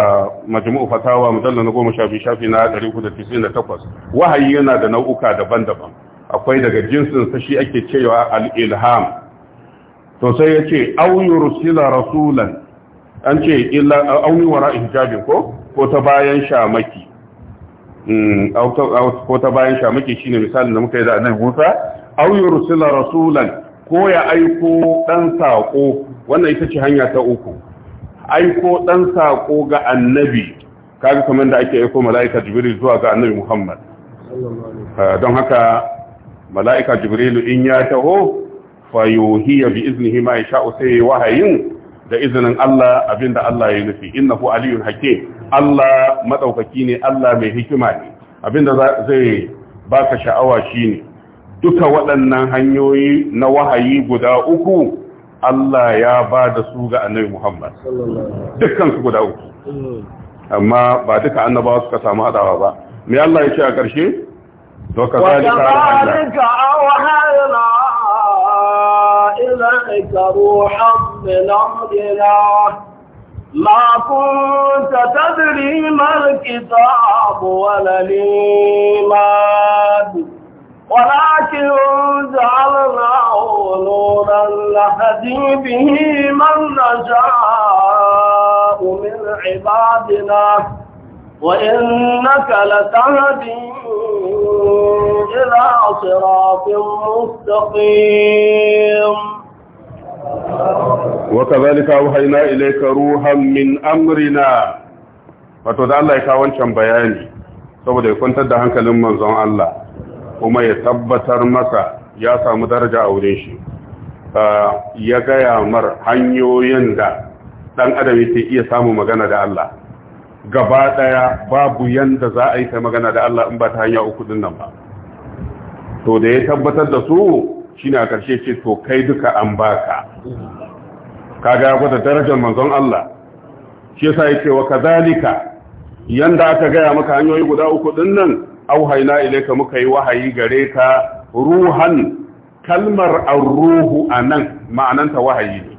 majmu'u fatawa mujallal na goma shafi shafi na ɗari da da takwas wahayi yana da nau'uka daban-daban akwai daga jinsin sa shi ake cewa al-ilham to sai ya ce yursila rasulan an ce illa aw ni wara hijabi ko ko ta bayan shamaki mm ko ta bayan shamaki shine misalin da muka yi da annabi Musa aw yursila rasulan ko ya aiko dan sako wannan ita ce hanya ta uku aiko dan sako ga annabi kaga kamar da ake aiko mala'ika jibril zuwa ga annabi muhammad don haka mala'ika jibril in ya taho ya bi iznihi ma yasha'u sai wahayin da izinin Allah abinda Allah ya nufi innahu aliyun hakim Allah madaukaki ne Allah mai hikima ne abinda zai baka sha'awa shine duka waɗannan hanyoyi na wahayi guda uku Allah ya ba da su ga annabi Muhammad dukkan su guda uku amma ba duka annabawa suka samu hadawa ba me Allah ya ce a ƙarshe to ka ka zalika wahala, إليك ka من أمرنا ما كنت تدري ما الكتاب ولا الإيمان ولكن جعلناه نورا نهدي به من نشاء من عبادنا وإنك لتهدي إلى صراط مستقيم وكذلك أوحينا إليك روحا من أمرنا فتدعى الله وانشا بياني saboda ya kwantar da hankalin manzon Allah kuma ya tabbatar masa ya samu daraja a wurin shi ah, ya gaya mar hanyoyin da ɗan adam yake iya samu magana da Allah gaba ɗaya babu yanda za a yi ta magana da Allah in ba ta hanya uku din nan ba to da ya tabbatar da su shine a ƙarshe ce to kai duka an baka kaga ya gwada darajar manzon Allah shi yasa yake wa kazalika yanda aka gaya maka hanyoyi guda uku din nan auhaina ilaika muka yi wahayi gare ka ruhan kalmar ar-ruhu anan ma'ananta wahayi ne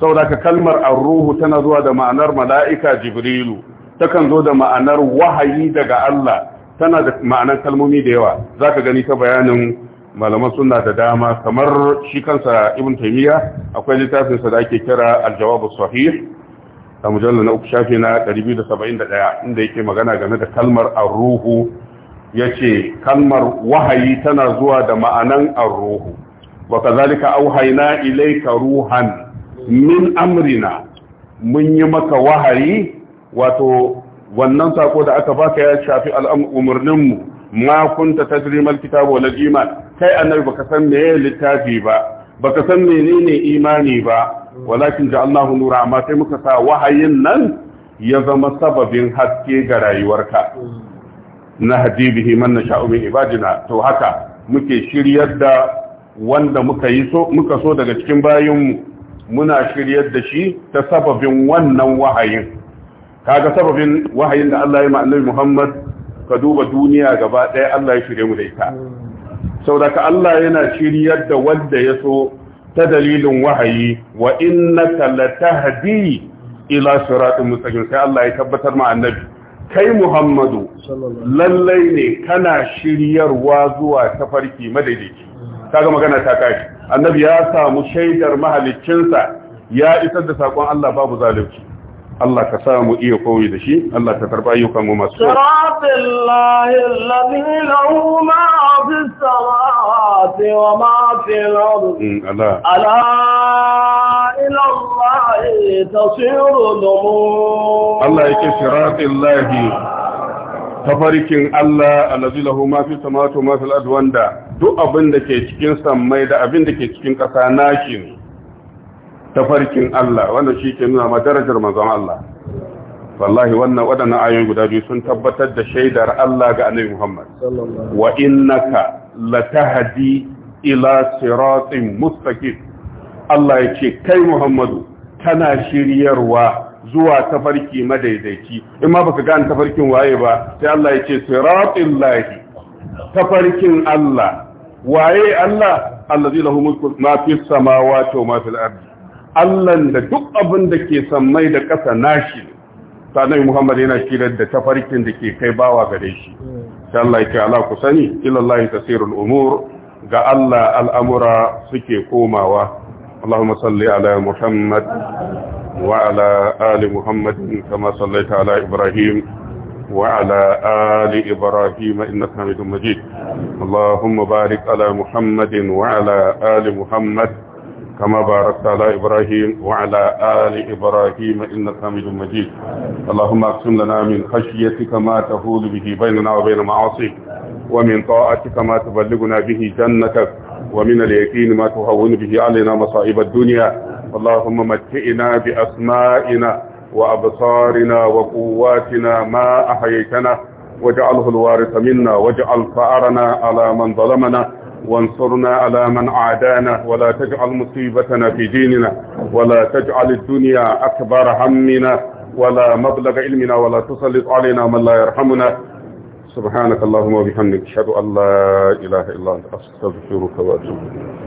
saboda ka kalmar ar tana zuwa da ma'anar mala'ika jibrilu takan zo da ma'anar wahayi daga Allah tana da ma'anar kalmomi da yawa zaka gani ta bayanin malaman sunna da dama kamar shi kansa ibn taymiya akwai littafin sa da ake kira al-jawab as-sahih a mujallal na uku shafi na 271 inda yake magana game da kalmar ar ya ce kalmar wahayi tana zuwa da ma'anan arruhu wa kazalika auhaina ilaika ruhan min amrina mun yi maka wahayi wato wannan sako da aka baka ya shafi al'umurninmu ma kunta tajrimal kitabu wal iman kai annabi baka san meye littafi ba baka san menene imani ba walakin Allahu nura amma sai muka sa wahayin nan ya zama sababin haske ga rayuwarka na hadibihi man nasha'u min ibadina to haka muke shiryar da wanda muka yi so muka so daga cikin bayanmu muna shiryar da shi ta sababin wannan wahayin kaga sababin wahayin da Allah ya ma annabi Muhammad ka duba duniya gaba ɗaya Allah ya shirye mu da ita saboda Allah yana shiryar da wanda ya so ta dalilin wahayi wa innaka latahdi ila siratin mustaqim sai Allah ya tabbatar ma annabi kai muhammadu lallai ne kana shiryarwa zuwa tafarki madaidaici kaga magana ta kashi annabi ya samu shaidar mahaliccinsa ya isar da saƙon Allah babu zalunci Allah ka sa mu iya koyi da shi Allah ka karba ayyukan mu masu kyau Siratullahi alladhi lahu ma fis samawati wa ma fil ardi mm, Allah ala ila Allah tasiru lumur Allah yake siratullahi tafarkin Allah alladhi lahu ma fis samawati wa ma fil ardi wanda duk abin da ke cikin samai da abin da ke cikin ƙasa nashi ne tafarkin Allah wanda shi ke nuna madarajar manzon Allah wallahi wannan waɗannan ayoyi guda biyu sun tabbatar da shaidar Allah ga annabi Muhammad wa innaka latahdi ila siratin mustaqim Allah yake kai Muhammadu kana shiryarwa zuwa tafarki madaidaici in ma baka gane tafarkin waye ba sai Allah yake siratil lahi tafarkin Allah waye Allah allazi lahu mulku ma fis samawati wa ma fil ardi Allahn da duk abin da ke sammai da ƙasa nashi ne sanai Muhammad yana kiran da tafarkin da ke kai bawa gare shi hmm. sai Allah yake ala ku sani ta tasirul umur ga Allah al'amura suke komawa Allahumma salli ala Muhammad wa ala ali Muhammad kama sallaita ala Ibrahim وعلى آل إبراهيم إنك حميد Allahumma اللهم بارك muhammadin. محمد وعلى آل محمد كما باركت على إبراهيم وعلى آل إبراهيم إنك حميد مجيد اللهم اقسم لنا من خشيتك ما تهول به بيننا وبين معاصيك ومن طاعتك ما تبلغنا به جنتك ومن اليقين ما تهون به علينا مصائب الدنيا اللهم متئنا بأسمائنا وأبصارنا وقواتنا ما أحييتنا واجعله الوارث منا واجعل فأرنا على من ظلمنا وانصرنا على من عادانا ولا تجعل مصيبتنا في ديننا ولا تجعل الدنيا أكبر همنا ولا مبلغ علمنا ولا تسلط علينا من لا يرحمنا سبحانك اللهم وبحمدك اشهد ان لا اله الا انت استغفرك واتوب اليك